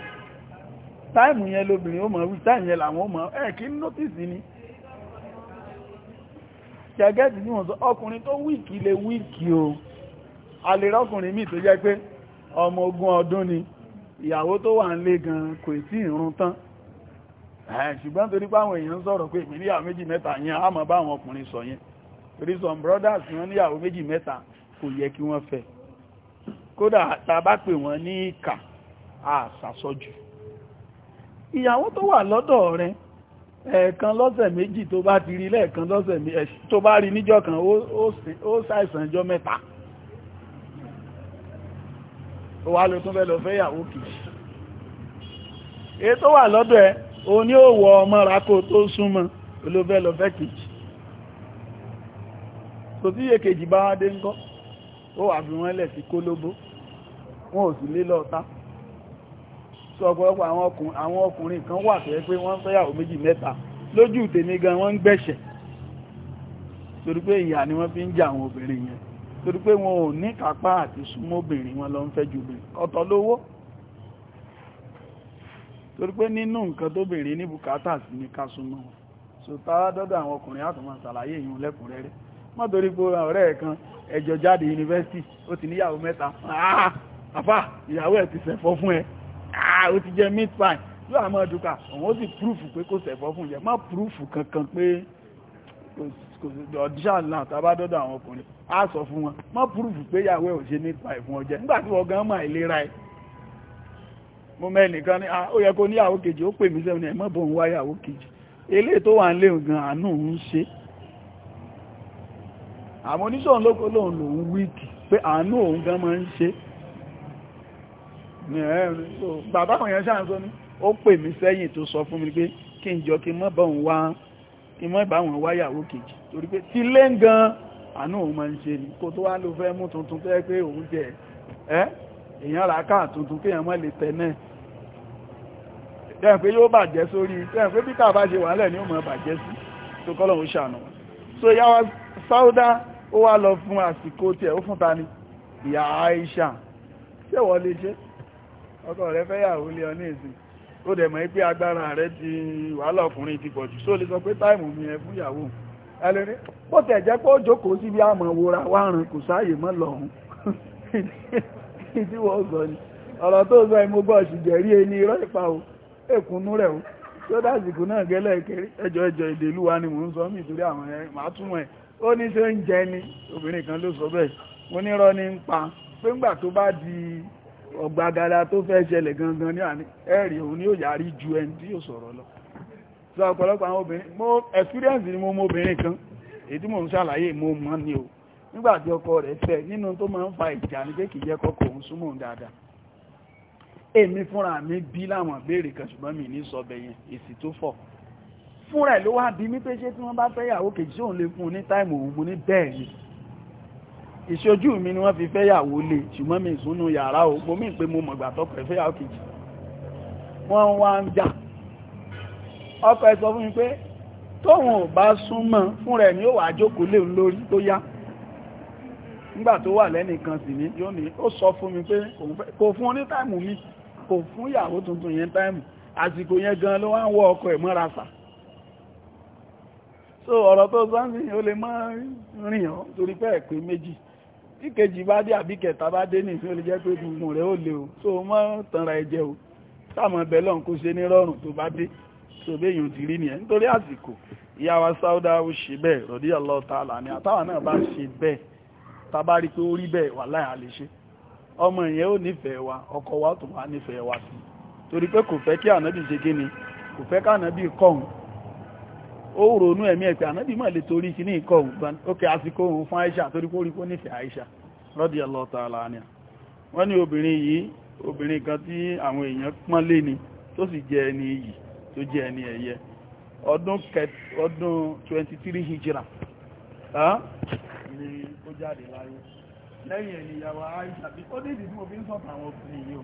táìmù yẹn lóbìnrin ó mọ̀ wí táìmù yẹn làwọn ó mọ̀ ẹ̀ kí ń nótìsì ni gẹ́gẹ́ tí wọ́n sọ ọkùnrin tó wíìkì lè wíìkì o a lè rọ́kùnrin míì tó jẹ́ pé ọmọ ogún ọdún ni ìyàwó tó wà ń lé gan kò tí ìrun tán ṣùgbọ́n torí pé àwọn èèyàn sọ̀rọ̀ pé ìpínlẹ̀ méjì mẹ́ta yẹn á mọ̀ bá àwọn ọkùnrin sọ yẹn torí some brothers wọ́n níyàwó méjì mẹ́ta kò yẹ kí wọ́n fẹ́ kódà tá bá pè wọ́n ní ìkà àsàsọ́jù ìyàwó tó wà lọ́dọ̀ rẹ ẹ̀ẹ̀kan lọ́sẹ̀ méjì tó bá ti rí lẹ́ẹ̀kan lọ́sẹ̀ méjì tó bá rí níjọ́ kan ó ṣàìsàn ọjọ́ mẹ́ta ó wá ló tún fẹ́ lọ fẹ́ ìyàwó kìí èyí tó wà lọ́dọ̀ ẹ o ní ó wọ ọmọ ra kó tó súnmọ́ olófẹ́ lọ fẹ́ kìí so tí èkejì bá wá dé ń kọ́ ó wà fi wọ́n lẹ̀ sí kólóbó wọn ò sì lé lọ́ta so ọ̀pọ̀lọpọ̀ àwọn ọkùnrin kan wà tẹ́ pé wọ́n fẹ́yàwó méjì mẹ́ta lójú tèmi gan wọ́n ń gbẹ̀ṣẹ̀ torí pé ìyà ni wọ́n fi ń jà àwọn obìnrin yẹn torí pé wọn ò ní kápá àti súnmọ́ obìnrin wọn lọ ń fẹ́ ju obìnrin ọ̀tọ̀ lówó torí pé nínú nǹkan tóbìnrin ní bùkátà sí ní ká súnmọ́ wọn so tá dọ́dọ̀ àwọn ọkùnrin àtọ̀mọ̀ ṣàlàyé ìyún lẹ́kùnrẹ́rẹ́ mọ́tòrí pé ọ̀rẹ́ ẹ̀ kan ẹjọ jáde yunifásitì ó ti níyàwó mẹ́ta ah, àfà ìyàwó ẹ̀ ti ṣẹ̀fọ́ fún ẹ ah, ó ti jẹ meat pie yóò àmọ́ dùkà òun ó sì prúfù pé kò ṣẹ̀fọ́ fún yẹ má prúfù kankan pé ọ̀díṣà náà tàbá dọ́dọ̀ àwọn ọkùnrin á sọ fún wọn má prúfù pé ìyàwó ẹ̀ ò ṣe meat pie fún ọjẹ́ nígbà tí wọ́n gan mọ̀ ìlera ẹ̀ mo mẹ́nìkan ní ó yẹ kó níyàwó kejì ó pè mí sẹ́wọ̀n ẹ̀ mọ́ bọ̀ ń wáyàwó kejì eléyìí tó wà ń léhùn gan àánú ń ṣe é àwọn oníṣòwò lóko lòun lòun wíìkì pé àánú òun gan máa ń ṣe bàbá kan yẹn ṣáà ń sọ ní ó pè mí sẹ́yìn tó sọ fún mi pé kí n jọ kí n mọ́ bá òun wá kí n mọ́ bá òun wá yàwó kejì torí pé ti lé ń gan àánú òun máa ń ṣe ni kó tó wá ló fẹ́ mú tuntun tó pé òun jẹ ẹ́ èèyàn ra káà tuntun kéèyàn mọ́ lè tẹ̀ náà tẹ́ẹ̀fẹ́ yóò bàjẹ́ sórí tẹ́ẹ̀fẹ́ bí káà bá ṣe wà ni ó mọ̀ bàjẹ́ sí tó kọ́lọ̀ ń ṣàánú so yàwá sáúdá ó wá lọ fún àsìkò tiẹ̀ ó fún ta ni ìyá Aisha ṣé wọ́n lè ṣe ọkọ rẹ fẹ́ yàwó lé ọ ní ìsìn ó dẹ̀ mọ̀ pé agbára rẹ ti wàhálà ọkùnrin ti pọ̀jù só lè sọ pé táìmù mi ẹ fún ìyàwó ẹlẹ́rẹ́ bó tẹ̀ jẹ́ pé ó jókòó síbi àmọ̀ wòra wá rìn kò sáàyè mọ́ lọ́hùn ìdí wọ́n sọ ni ọ̀rọ̀ tó sọ ìmú bọ́ ṣùgbẹ́ rí ẹni irọ́ ìpa o èkúnú rẹ̀ o tí ó dásìkò náà gẹ́lẹ́ kéré ẹjọ́ ẹjọ́ èdè ìlú wa ni mò ń sọ mí torí àwọn ẹ̀ máa túmọ̀ ẹ̀ ó ní ṣe ń jẹ ni obìnrin kan ló sọ bẹ́ẹ̀ mo ní rọ́ ní ń pa pé ńgbà tó bá di ọ̀gbàgàdà tó fẹ́ ṣẹlẹ̀ gangan ní àní ẹ̀rì òun ni ó yàrí ju ẹni tí yóò sọ̀rọ̀ lọ so ọ̀pọ̀lọpọ̀ àwọn obìnrin mo experience ni mo mọ obìnrin kan èyí tí mò ń ṣàlàyé mo mọ̀ ni o nígbà tí ọkọ rẹ̀ fẹ́ nínú tó máa ń fa ìjà ní pé kìí jẹ́ kọ́kọ́ òun súnmọ́ òun dáadáa èmi fúnra mi bí láwọn ìbéèrè kan ṣùgbọ́n mi ní sọ bẹ̀yẹn èsì tó fọ̀ fúnra ẹ̀ ló wá bí mí pé ṣé tí wọ́n bá fẹ́ yàwó kejì ṣóun lè fún un ní táìmù òwúgbò ní bẹ́ẹ̀ ni ìṣojú mi ni wọ́n fi fẹ́ yàwó lè ṣùgbọ́n mi ìsúnú yàrá o mo mí pé mo mọ̀gbà tọkọ ẹ̀ fẹ́ yàwó kejì wọ́n ń wá ń jà ọkọ ẹ̀ fún mi pé tóun ò bá súnmọ́ fúnra ẹ̀ ni ó wà á jókòó lé òun lórí tó yá nígbà tó wà lẹ́nìkan sì ní yóò ní ó sọ fún mi pé kò fún ní táìmù mi kò fún ìyàwó tuntun yẹn táìmù àsìkò yẹn gan ló wá ń wọ ọkọ ẹ̀ mọ́ra sáà so ọ̀rọ̀ tó sáńsìn ó lè máa rìnyàn torí pé ẹ̀pẹ́ méjì tí kejì bá dé àbí kẹta bá dé nìsí ó lè pé gbùngbùn rẹ̀ ó le o so mọ́ tanra ẹ̀jẹ̀ o sáàmọ̀ bẹ́ẹ̀ lọ́n kó ṣe ní rọrùn tó bá dé so béèyàn ti rí nìyẹn nítorí àsìkò ìyá wa sáúdà ó ṣe bẹ́ẹ̀ rọ̀dí Allah ni àtàwọn náà bá ṣe bẹ́ẹ̀ tábá rí pé ó rí bẹ́ẹ̀ wà láì àlè ṣe ọmọ yẹn ó nífẹ̀ẹ́ wa ọkọ wa tó wà nífẹ̀ẹ́ wa sí torí pé kò fẹ́ kí ànábì ṣe kí ni kò fẹ́ kí ànábì kọ̀ọ̀hún ó rònú ẹ̀mí ẹ̀pẹ̀ ànábì mọ̀ lè torí kí ní ikọ̀ òun ókè àsìkò òun fún Aisha torí kó rí kó Aisha radiyallahu ta'ala wọ́n ni obìnrin yìí obìnrin kan tí àwọn èèyàn pọ́n lé ni tó sì jẹ ẹni tó 23 hijira ni ó jáde láyé lẹ́yìn Aisha bí ó dé ìdí tí mo fi ń sọ̀tàn àwọn obìnrin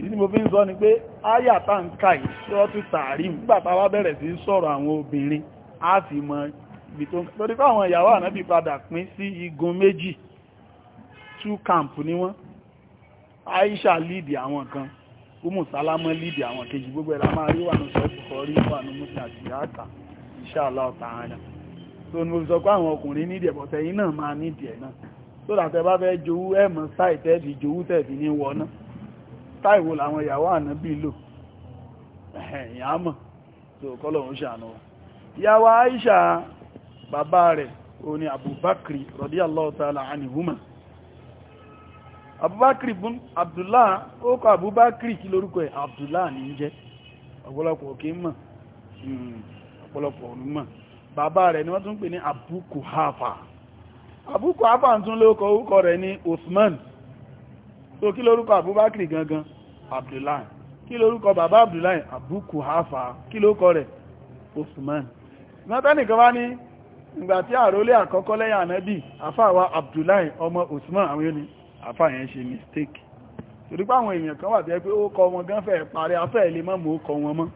ìdí ni mo fi ń sọ ni pé áyà tá ń ka ìṣọ́tù tààrí nígbà tá wá bẹ̀rẹ̀ sí sọ̀rọ̀ àwọn obìnrin á fi mọ ibi tó ń kà lórí fáwọn ìyàwó ànábì padà pín sí igun méjì two camp ni wọ́n Aisha líìdì àwọn kan Umu Salama líìdì àwọn kejì gbogbo ẹ̀rọ máa rí wànú sọ́ọ̀tù kọ́ rí wànú mú inshallah ta'ala so ni mo sọ pé àwọn ọkùnrin ní ìdìẹ̀ bọ̀tẹ̀ náà máa ní ìdìẹ̀ náà so dàtẹ́ bá fẹ́ jowú ẹ̀mọ̀ sáì tẹ́ẹ̀fì jowú tẹ́ẹ̀fì ní wọ náà táìwò làwọn ìyàwó ànábì lò ẹ̀yìn àmọ̀ tó kọ́lọ̀hún ṣàánú wa ìyàwó Aisha bàbá rẹ̀ o ni Abubakri radiyallahu ta'ala anihuma Abubakri bun Abdullah ó kọ Abubakri kí lórúkọ ẹ̀ Abdullah ní jẹ́ ọ̀pọ̀lọpọ̀ òkè mọ̀ hmm, ọ̀pọ̀lọpọ̀ olùmọ̀ bàbá rẹ̀ ni wọ́n tún pè ní Abu Kuhafa Abu Kuhafa tún lókọ̀ rẹ̀ ní Usman so kí lórúkọ abubakar gangan abdullahi kí lórúkọ bàbá abdullahi abuku hafa kí lórúkọ rẹ̀ usman natanikan wá ní ìgbà tí àrólé àkọ́kọ́ lẹ́yìn ànábì ọmọ mistake kan o kọ wọn pari ma wọn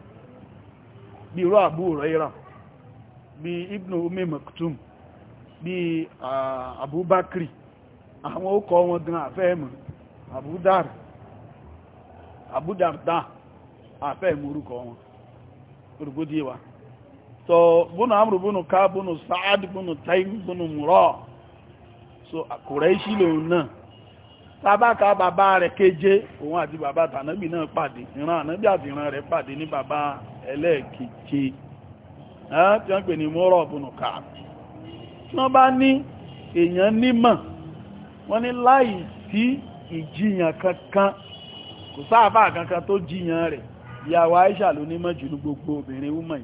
bí ibnu umi maktum bí ah, àwọn ó kọ wọn gan abudar abudarda àfẹ́ ìmúrúkọ wọn rúgbódíwá so búnú amúrù búnú ká búnú sáàd búnú taim búnú múrọ̀ so Kùrẹ́ṣì lòun náà sábàkà bàbá rẹ̀ kéje òun àti bàbá tànábì náà pàdé ìran ànábì àti ìran rẹ̀ pàdé ní bàbá ẹlẹ́ẹ̀keje tí wọ́n pè ní múrọ̀ búnú ká tí wọ́n bá ní èèyàn nímọ̀ wọ́n ní láì sí ìjiyàn kankan kò sáàfà kankan tó jiyàn rẹ̀ ìyàwó Aisha ló ní mọ́jú gbogbo obìnrin woman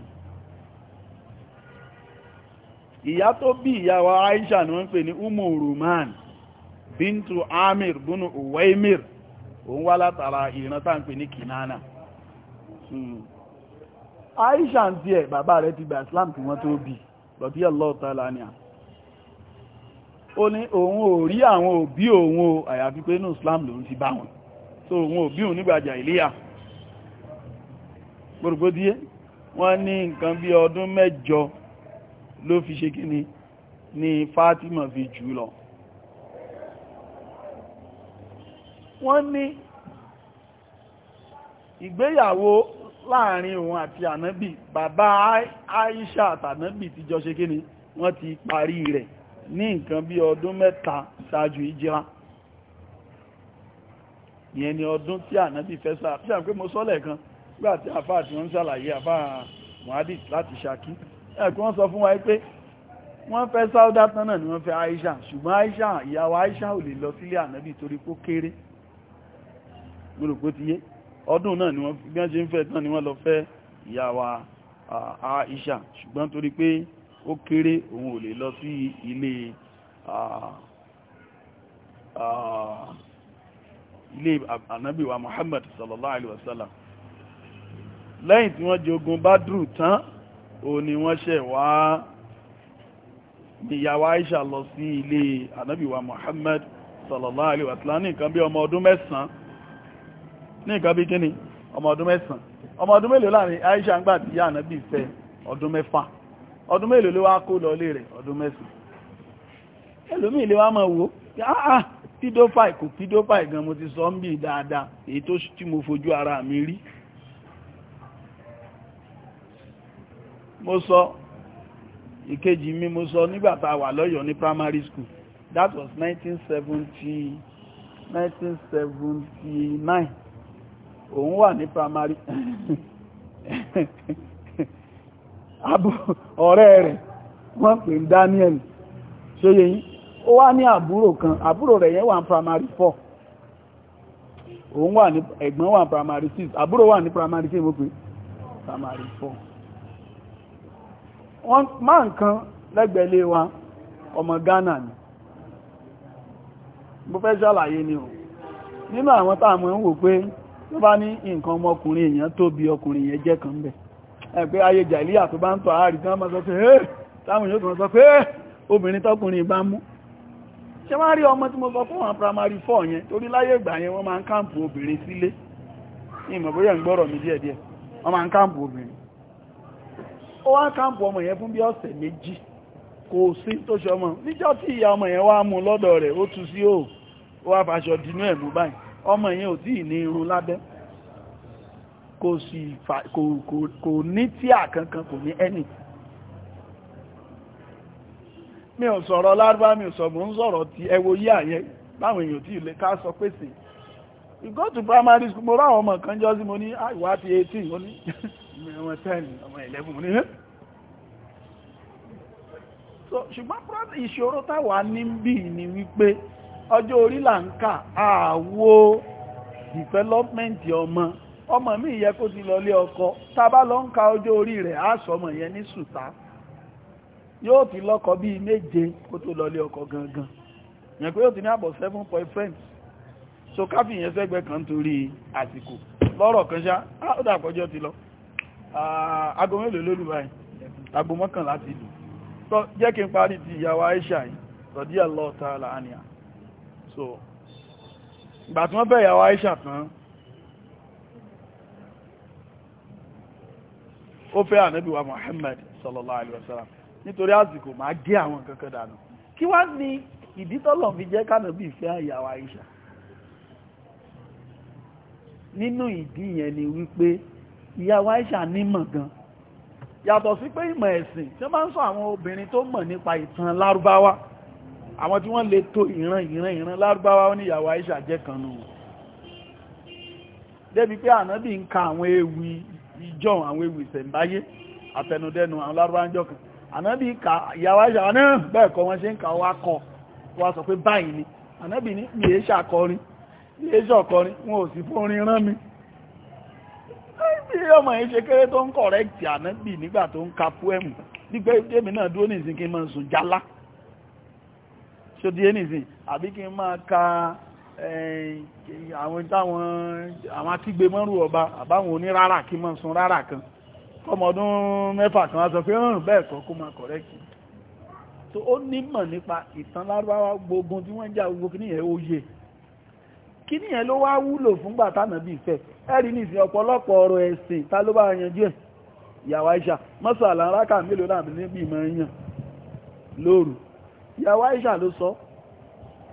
ìyá tó bí ìyàwó Aisha ni wọ́n pè ní umu roman bintu amir bunu uwaimir òun wá látara ìran tá ń pè ní kinana hmm. Aisha ń tiẹ̀ bàbá rẹ̀ ti gba Islam tí wọ́n tó bí lọ́dí Allah ta'ala ni à ó ní òun ò rí àwọn òbí òun o àyàfi pé inú Islam lòun ti bá wọn so òun òbí òun nígbà jàhílíyà gbòrògbòdíyé wọ́n ní nǹkan bí ọdún mẹ́jọ ló fi ṣe kí ni ni Fátímà fi jù lọ wọ́n ní ìgbéyàwó láàrin òun àti ànábì bàbá Aisha àtànábì ti jọ ṣe kí ni wọ́n ti parí rẹ̀ ní nǹkan bí ọdún mẹ́ta ṣáájú ìjírá ìyẹn ni ọdún tí ànábì fẹ́ sáà tí àpé mo sọ́lẹ̀ kan gbà tí àfá àti wọ́n ń ṣàlàyé àfá Muhadi láti Ṣakí ẹ̀kọ́ wọ́n sọ fún wa pé wọ́n fẹ́ Sáúdà tán náà ni wọ́n fẹ́ Aisha ṣùgbọ́n Aisha ìyàwó Aisha ò lè lọ sílé ànábì torí pó kéré gbòrògbò ti yé ọdún náà ni wọ́n fi gbẹ́ ó kéré òun ò lè lọ sí ilé ilé ànábì wa Muhammad sallallahu alaihi wasallam lẹ́yìn tí wọ́n jogun Badru tán ó ní wọ́n ṣẹ̀ wá ìyàwó Aisha lọ sí ilé ànábì wa Muhammad sallallahu alaihi wasallam ní nǹkan bí ọmọ ọdún mẹ́sàn-án ní nǹkan bí kíni ọmọ ọdún mẹ́sàn-án ọmọ ọdún mélòó láàrin Aisha ń gbà tí yá ànábì fẹ́ ọdún mẹ́fà ọdún mélòó ló wá kó lọ rẹ̀ ọdún mẹ́sàn-án ẹlòmíì wá máa wò áá ah, ah, pídófàì kò pídófàì gan mo ti sọ ń bí dáadáa èyí tó tí mo fojú ara mi rí mo sọ ìkejì mi mo sọ nígbà wà lọ́yọ̀ọ́ ní primary school that was 1970 1979 òun wà ní primary àbú ọ̀rẹ́ rẹ̀ wọ́n pè ń Daniel ṣe yẹyìn ó wá ní àbúrò kan àbúrò rẹ̀ yẹn wà ní primary 4 òun wà ní ẹ̀gbọ́n wà ní primary 6 àbúrò wà ní primary 6 mo pè primary 4 wọ́n máa nǹkan lẹ́gbẹ̀ẹ́lé wa ọmọ Ghana ni mo fẹ́ ṣàlàyé ni o nínú àwọn táàmù ń wò pé tó bá ní nǹkan ọmọkùnrin èèyàn ọkùnrin yẹn jẹ́ kan bẹ̀ ẹgbẹ́ ayé jàìlíyà tó bá ń tọ́ àárí tán máa sọ pé ẹ́ táwọn yóò tán sọ pé obìnrin tọ́kùnrin bá mú ṣe máa rí ọmọ tí mo fún primary four yẹn torí láyé ìgbà yẹn wọ́n máa ń obìnrin sílé ń gbọ́rọ̀ mi díẹ̀díẹ̀ wọ́n máa ń obìnrin kò sì kò ní tíà kankan kò ní ẹnì mi ò sọ̀rọ̀ lárúbá mi ò sọ mò ń sọ̀rọ̀ ti ẹwo yí àyẹ́ láwọn èèyàn tí ilé ká sọ pèsè you go to primary school mo ráwọn ọmọ kan jọ́sí mo ní ah, ìwà ti 18 mo ní ọmọ 10 ọmọ 11 mo ní ẹ́ so ṣùgbọ́n ìṣòro táwa ní bí ni wípé ọjọ́ orí là ń kà àwo development ọmọ ọmọ mi yẹ kó ti lọlé ọkọ tá a bá lọ ń ka ọjọ́ orí rẹ̀ á sọ ọmọ yẹn ní sùtá yóò ti lọ́kọ bíi méje kó tó lọlé ọkọ gangan yẹn pé yóò ti ní àbọ̀ seven point five so káfí yẹn sẹ́gbẹ́ kan torí àsìkò lọ́rọ̀ kan ṣá ó dà pọ́jọ́ ti lọ aago mélòó lólu báyìí aago mọ́kànlá ti lù tó jẹ́ kí n parí ti ìyàwó Aisha yìí radiyallahu ta'ala anha so ìgbà tí wọ́n bẹ̀ ìyàwó Aisha tán ó fẹ́ ànábì wa Muhammad sallallahu alaihi wasallam nítorí àsìkò máa gé àwọn kankan dànù kí wá ní ìdí tọ́lọ̀ fi jẹ́ kánàbì fẹ́ ìyàwó Àìṣà nínú ìdí yẹn ni wípé ìyàwó Àìṣà nímọ̀ gan yàtọ̀ sí pé ìmọ̀ ẹ̀sìn tí wọ́n bá ń sọ àwọn obìnrin tó mọ̀ nípa ìtàn lárúbáwá àwọn tí wọ́n lè tó ìran ìran ìran lárúbáwá ó ní ìyàwó Àìṣà jẹ́ kan nù débi pé ànábì ń ka àwọn ewì ìjọ àwọn ewì ìṣẹ̀mbáyé àtẹnudẹ́nu àwọn lárúbáńjọ kan ànábì ka ìyàwó àṣà náà bẹ́ẹ̀ kọ́ wọ́n ṣe ń ka wá kọ wá sọ pé báyìí ni ànábì ní ìyè ṣàkọrin ìyè ṣọ̀kọrin wọn ò sì fún orin rán mi bí ọmọ yìí ṣe kéré tó ń kọ̀rẹ́kì ànábì nígbà tó ń ka púẹ̀mù nígbà èmi náà dúró nìsín kí n máa sùn jálá ṣó di é nìsín àbí kí n máa ka Eh, àwọn táwọn àwọn akígbe mọ́rù ọba àbáwọn onírárà kí mọ́ sun rárá kan kọmọ ọdún mẹ́fà kan wá sọ pé hàn bẹ́ẹ̀ kọ́ kó máa kọ̀rẹ́kì tó ó nímọ̀ nípa ìtàn lárúbáwá gbogbo tí wọ́n jà gbogbo kíní yẹn ó yé kíní yẹn ló wá wúlò fúngbà tánà bí ìfẹ́ ẹ̀rí nìsín ọ̀pọ̀lọpọ̀ ọ̀rọ̀ ẹ̀sìn ta ló bá yanjú ẹ̀ ìyàwó Aisha mọ́sàlá rákà mélòó náà níbi ìmọ̀ yàn lóru ìyàwó Aisha ló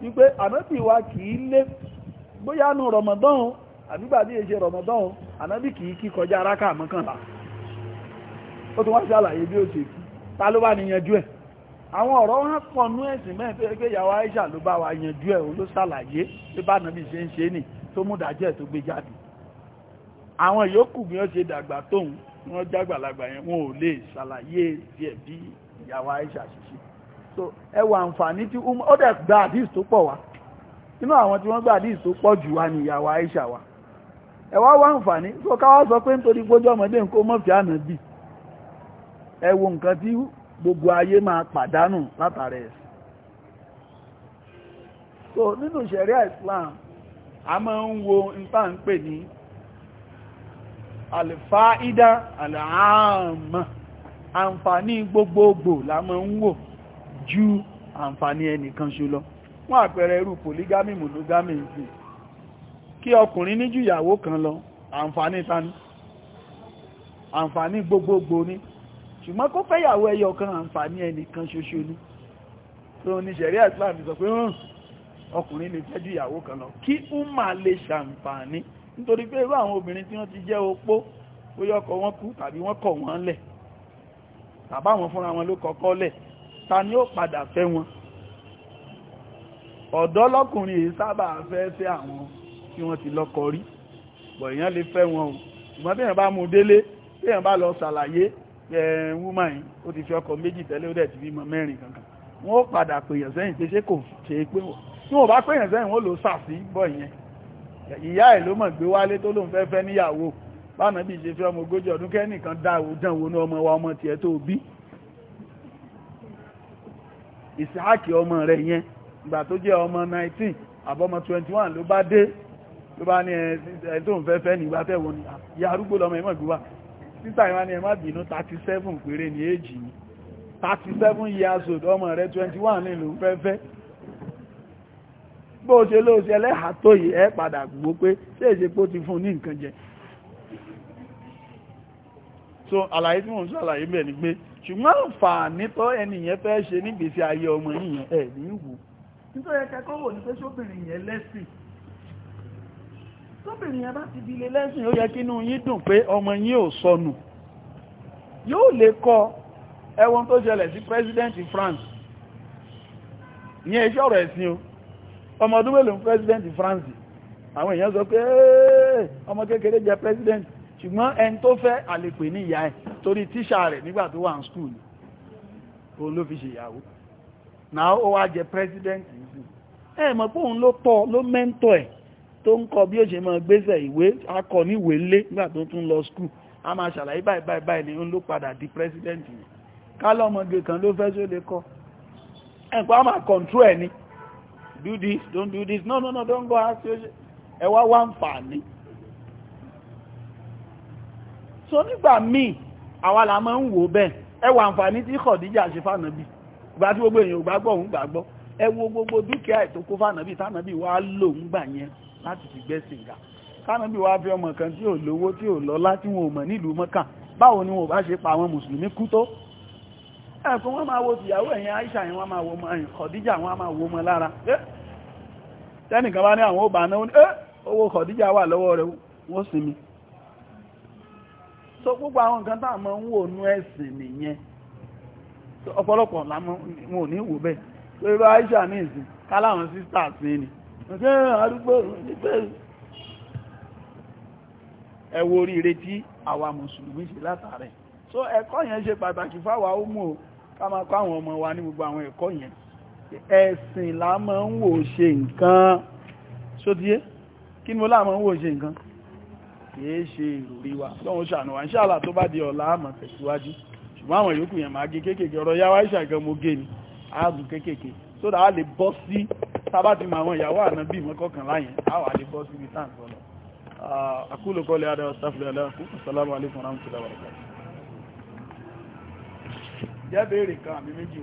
wípé ànábì wa kìí lé bóyá nù rọmọdán àbígbà bí èṣe rọmọdán ànábì kìí kí kọjá aráka mọ́kànlá ó tún wá sí àlàyé bí ó ṣe kí ta ló bá ní yanjú ẹ̀ àwọn ọ̀rọ̀ wọn pọ̀ nú ẹ̀sìn mẹ́rin pé ìyàwó Aisha ló bá wa yanjú ẹ̀ ló ṣàlàyé pé bá nàbí ṣe ń ṣe nì tó mú dájẹ́ tó gbé jáde àwọn yòókù bí wọ́n ṣe dàgbà tóun wọ́n jágbàlagbà yẹn wọn ò lè ṣàlàyé tiẹ̀ bí ìyàwó Aisha ṣiṣẹ́ so ẹwà àǹfààní tí ó dẹ̀ gba àdíìsì tó pọ̀ wá inú àwọn tí wọ́n gba àdíìsì tó pọ̀ jù wá ní ìyàwó Aisha wa ẹwà wá àǹfààní so káwá sọ pé nítorí gbójú ọmọdé nǹkó mọ́fì ànábì ẹ wo nǹkan tí gbogbo ayé máa pàdánù látàrí ẹ̀sìn so nínú ṣẹ̀ríà Islam a máa ń wo nta ń pè ní àlìfáìdá àlàáàmà àǹfààní gbogbogbò la máa ń wò ju àǹfààní ẹnìkan ṣe lọ wọ́n àpẹẹrẹ irú polygamy monogamy sí kí ọkùnrin ní ju ìyàwó kan lọ àǹfààní tani àǹfààní gbogbogbò ni ṣùgbọ́n kó fẹ́yàwó ẹyọ kan àǹfààní ẹnìkan ṣoṣo ni tó ní ṣẹ̀rí Islam sọ pé hàn hmm, ọkùnrin lè fẹ́ ju ìyàwó kan lọ kí umma lè ṣàǹfààní nítorí pé irú àwọn obìnrin tí wọ́n ti jẹ́ opó bóyá ọkọ wọn kú tàbí wọ́n kọ̀ wọ́n lẹ̀ tàbá wọn fúnra wọn ló kọ́kọ́ lẹ̀ ta ni ó padà fẹ́ wọn ọ̀dọ́ lọ́kùnrin yìí sábà fẹ́ fẹ́ àwọn tí wọ́n ti lọ́kọ rí bọ̀ èèyàn lè fẹ́ wọn o ṣùgbọ́n tí èèyàn bá mú délé tí èèyàn bá lọ ṣàlàyé ẹ̀ẹ́n wúmà yìí ó ti fi ọkọ méjì tẹ́lẹ̀ ó dẹ̀ ti bímọ mẹ́rin kankan wọ́n ó padà pèèyàn sẹ́yìn pé ṣé kò ṣe é pé wọ́n tí wọ́n bá pèèyàn sẹ́yìn wọ́n lò sàfí bọ̀ yẹn ìyá ẹ̀ ló mọ̀ gbé wálé tó lóun fẹ́ fẹ́ níyàwó bánà bí ṣe fi ọmọ ogójì ọdún kẹ́nìkan dá òdàn wo ní ọmọ wa ọmọ tiẹ̀ tó bí ìsáàkì ọmọ rẹ̀ yẹn ìgbà tó jẹ́ ọmọ 19 àbọ́mọ 21 ló bá dé ló bá ní ẹ̀ tó ń fẹ́ fẹ́ nígbà tẹ́wọ́ ni ya arúgbó lọmọ ẹ̀mọ́ ìgbúwà títà ìwá ni ẹ má 37 péré ní èjì 37 years old ọmọ rẹ̀ 21 ní ló ń fẹ́ fẹ́ bó ṣe ló ṣe ẹlẹ́hà tó yìí ẹ padà gbọ́ pé ṣé èsèpó ti fún ní nǹkan jẹ so àlàyé tí mò ń bẹ̀ ni pé ṣùgbọ́n àǹfààní tó ẹnìyẹn fẹ́ ṣe nígbèsí ayé ọmọ yìnyẹn ẹ̀ ní ìwò nítorí ẹkẹ́kọ́ wò ní pé ṣóbìnrin yẹn lẹ́sìn tóbìnrin yẹn bá ti di ilé lẹ́sìn ó yẹ kí inú yín dùn pé ọmọ yín ò sọnù yóò lè kọ ẹwọn tó ṣẹlẹ̀ sí president France ní iṣẹ́ ọ̀rọ̀ ẹ̀sìn o ọmọ ọdún mélòó president France àwọn èèyàn sọ pé ọmọ kékeré jẹ president ṣùgbọ́n ẹni tó fẹ́ àlepè ní ìyá ẹ̀ torí tíṣà rẹ̀ nígbà tó wà ní skul òun ló fi ṣe ìyàwó náà ó wá jẹ president yìí ẹ mọ̀ pé òun ló tọ́ ló mẹ́ńtọ̀ ẹ̀ tó ń kọ bí ó ṣe máa gbéṣẹ̀ ìwé akọ níwèé lé nígbà tó tún lọ skul a máa ṣàlàyé báyìí báyìí báyìí ni òun ló padà di president yìí kálọ́mọge kan ló fẹ́ tó lè kọ́ ẹ̀kọ́ a máa control ẹ̀ ni do this don't do this no no no don't go ask ẹ wá wá ń fà ní so nígbà míì àwa la máa ń wò bẹ́ẹ̀ ẹ wo àǹfààní tí Khadija ṣe fànàbí ìgbà tí gbogbo èèyàn gbàgbọ́ òun gbàgbọ́ ẹ wo gbogbo dúkìá ètò kó fànàbí tànàbí wàá lò ń gbà yẹn láti fi gbẹ́sìn ga tànàbí wàá fi ọmọ kan tí ò lówó tí ò lọ́lá tí wọn ò mọ̀ nílùú Mọ́kà báwo ni wọn ò bá ṣe pa àwọn mùsùlùmí kú tó ẹ̀kùn wọ́n máa wo tìyàwó ẹ̀yìn Aisha yìí wọ́n máa wo mọ́ ẹ̀yìn Khadija wọ́n máa wo mọ́ lára tẹ́nìkan bá ní àwọn ó bá náà ó ní owó Khadija wà lọ́wọ́ rẹ̀ wọ́n sinmi so gbogbo àwọn nǹkan tá a máa ń wò nú ẹ̀sìn nìyẹn ọ̀pọ̀lọpọ̀ làmọ́ wọn ò ní wò bẹ́ẹ̀ tó ibá Aisha ní ìsìn káláwọn sísà sí ni ṣe àdúgbò nígbẹ́ ẹwọ oríire tí àwa mùsùlùmí ṣe látàrẹ so ẹ̀kọ́ yẹn ṣe pàtàkì fáwa ó mú ká máa kọ́ àwọn ọmọ wa ní gbogbo àwọn ẹ̀kọ́ yẹn ẹ̀sìn la máa ń wò ṣe nǹkan ṣótíyé kí ni mo láà máa ń wò ṣe nǹkan kìí ṣe ìròrí wa lọ́wọ́n ṣàánú wa ṣáàlà tó bá di ọ̀la àmọ̀ tẹ̀síwájú ṣùgbọ́n àwọn yòókù yẹn máa gé kéékèèké ọ̀rọ̀ yáwá ìṣàgán ni ààgùn kéékèèké so that a lè bọ́ sí tábà ti mọ àwọn ìyàwó àná bíi mọ́kànlá yẹn a wà lè bọ́ síbi tá à ń sọ lọ. àkúlò ah, kọ́lé wa rahmatulah. jẹ́ béèrè kan àmì méjì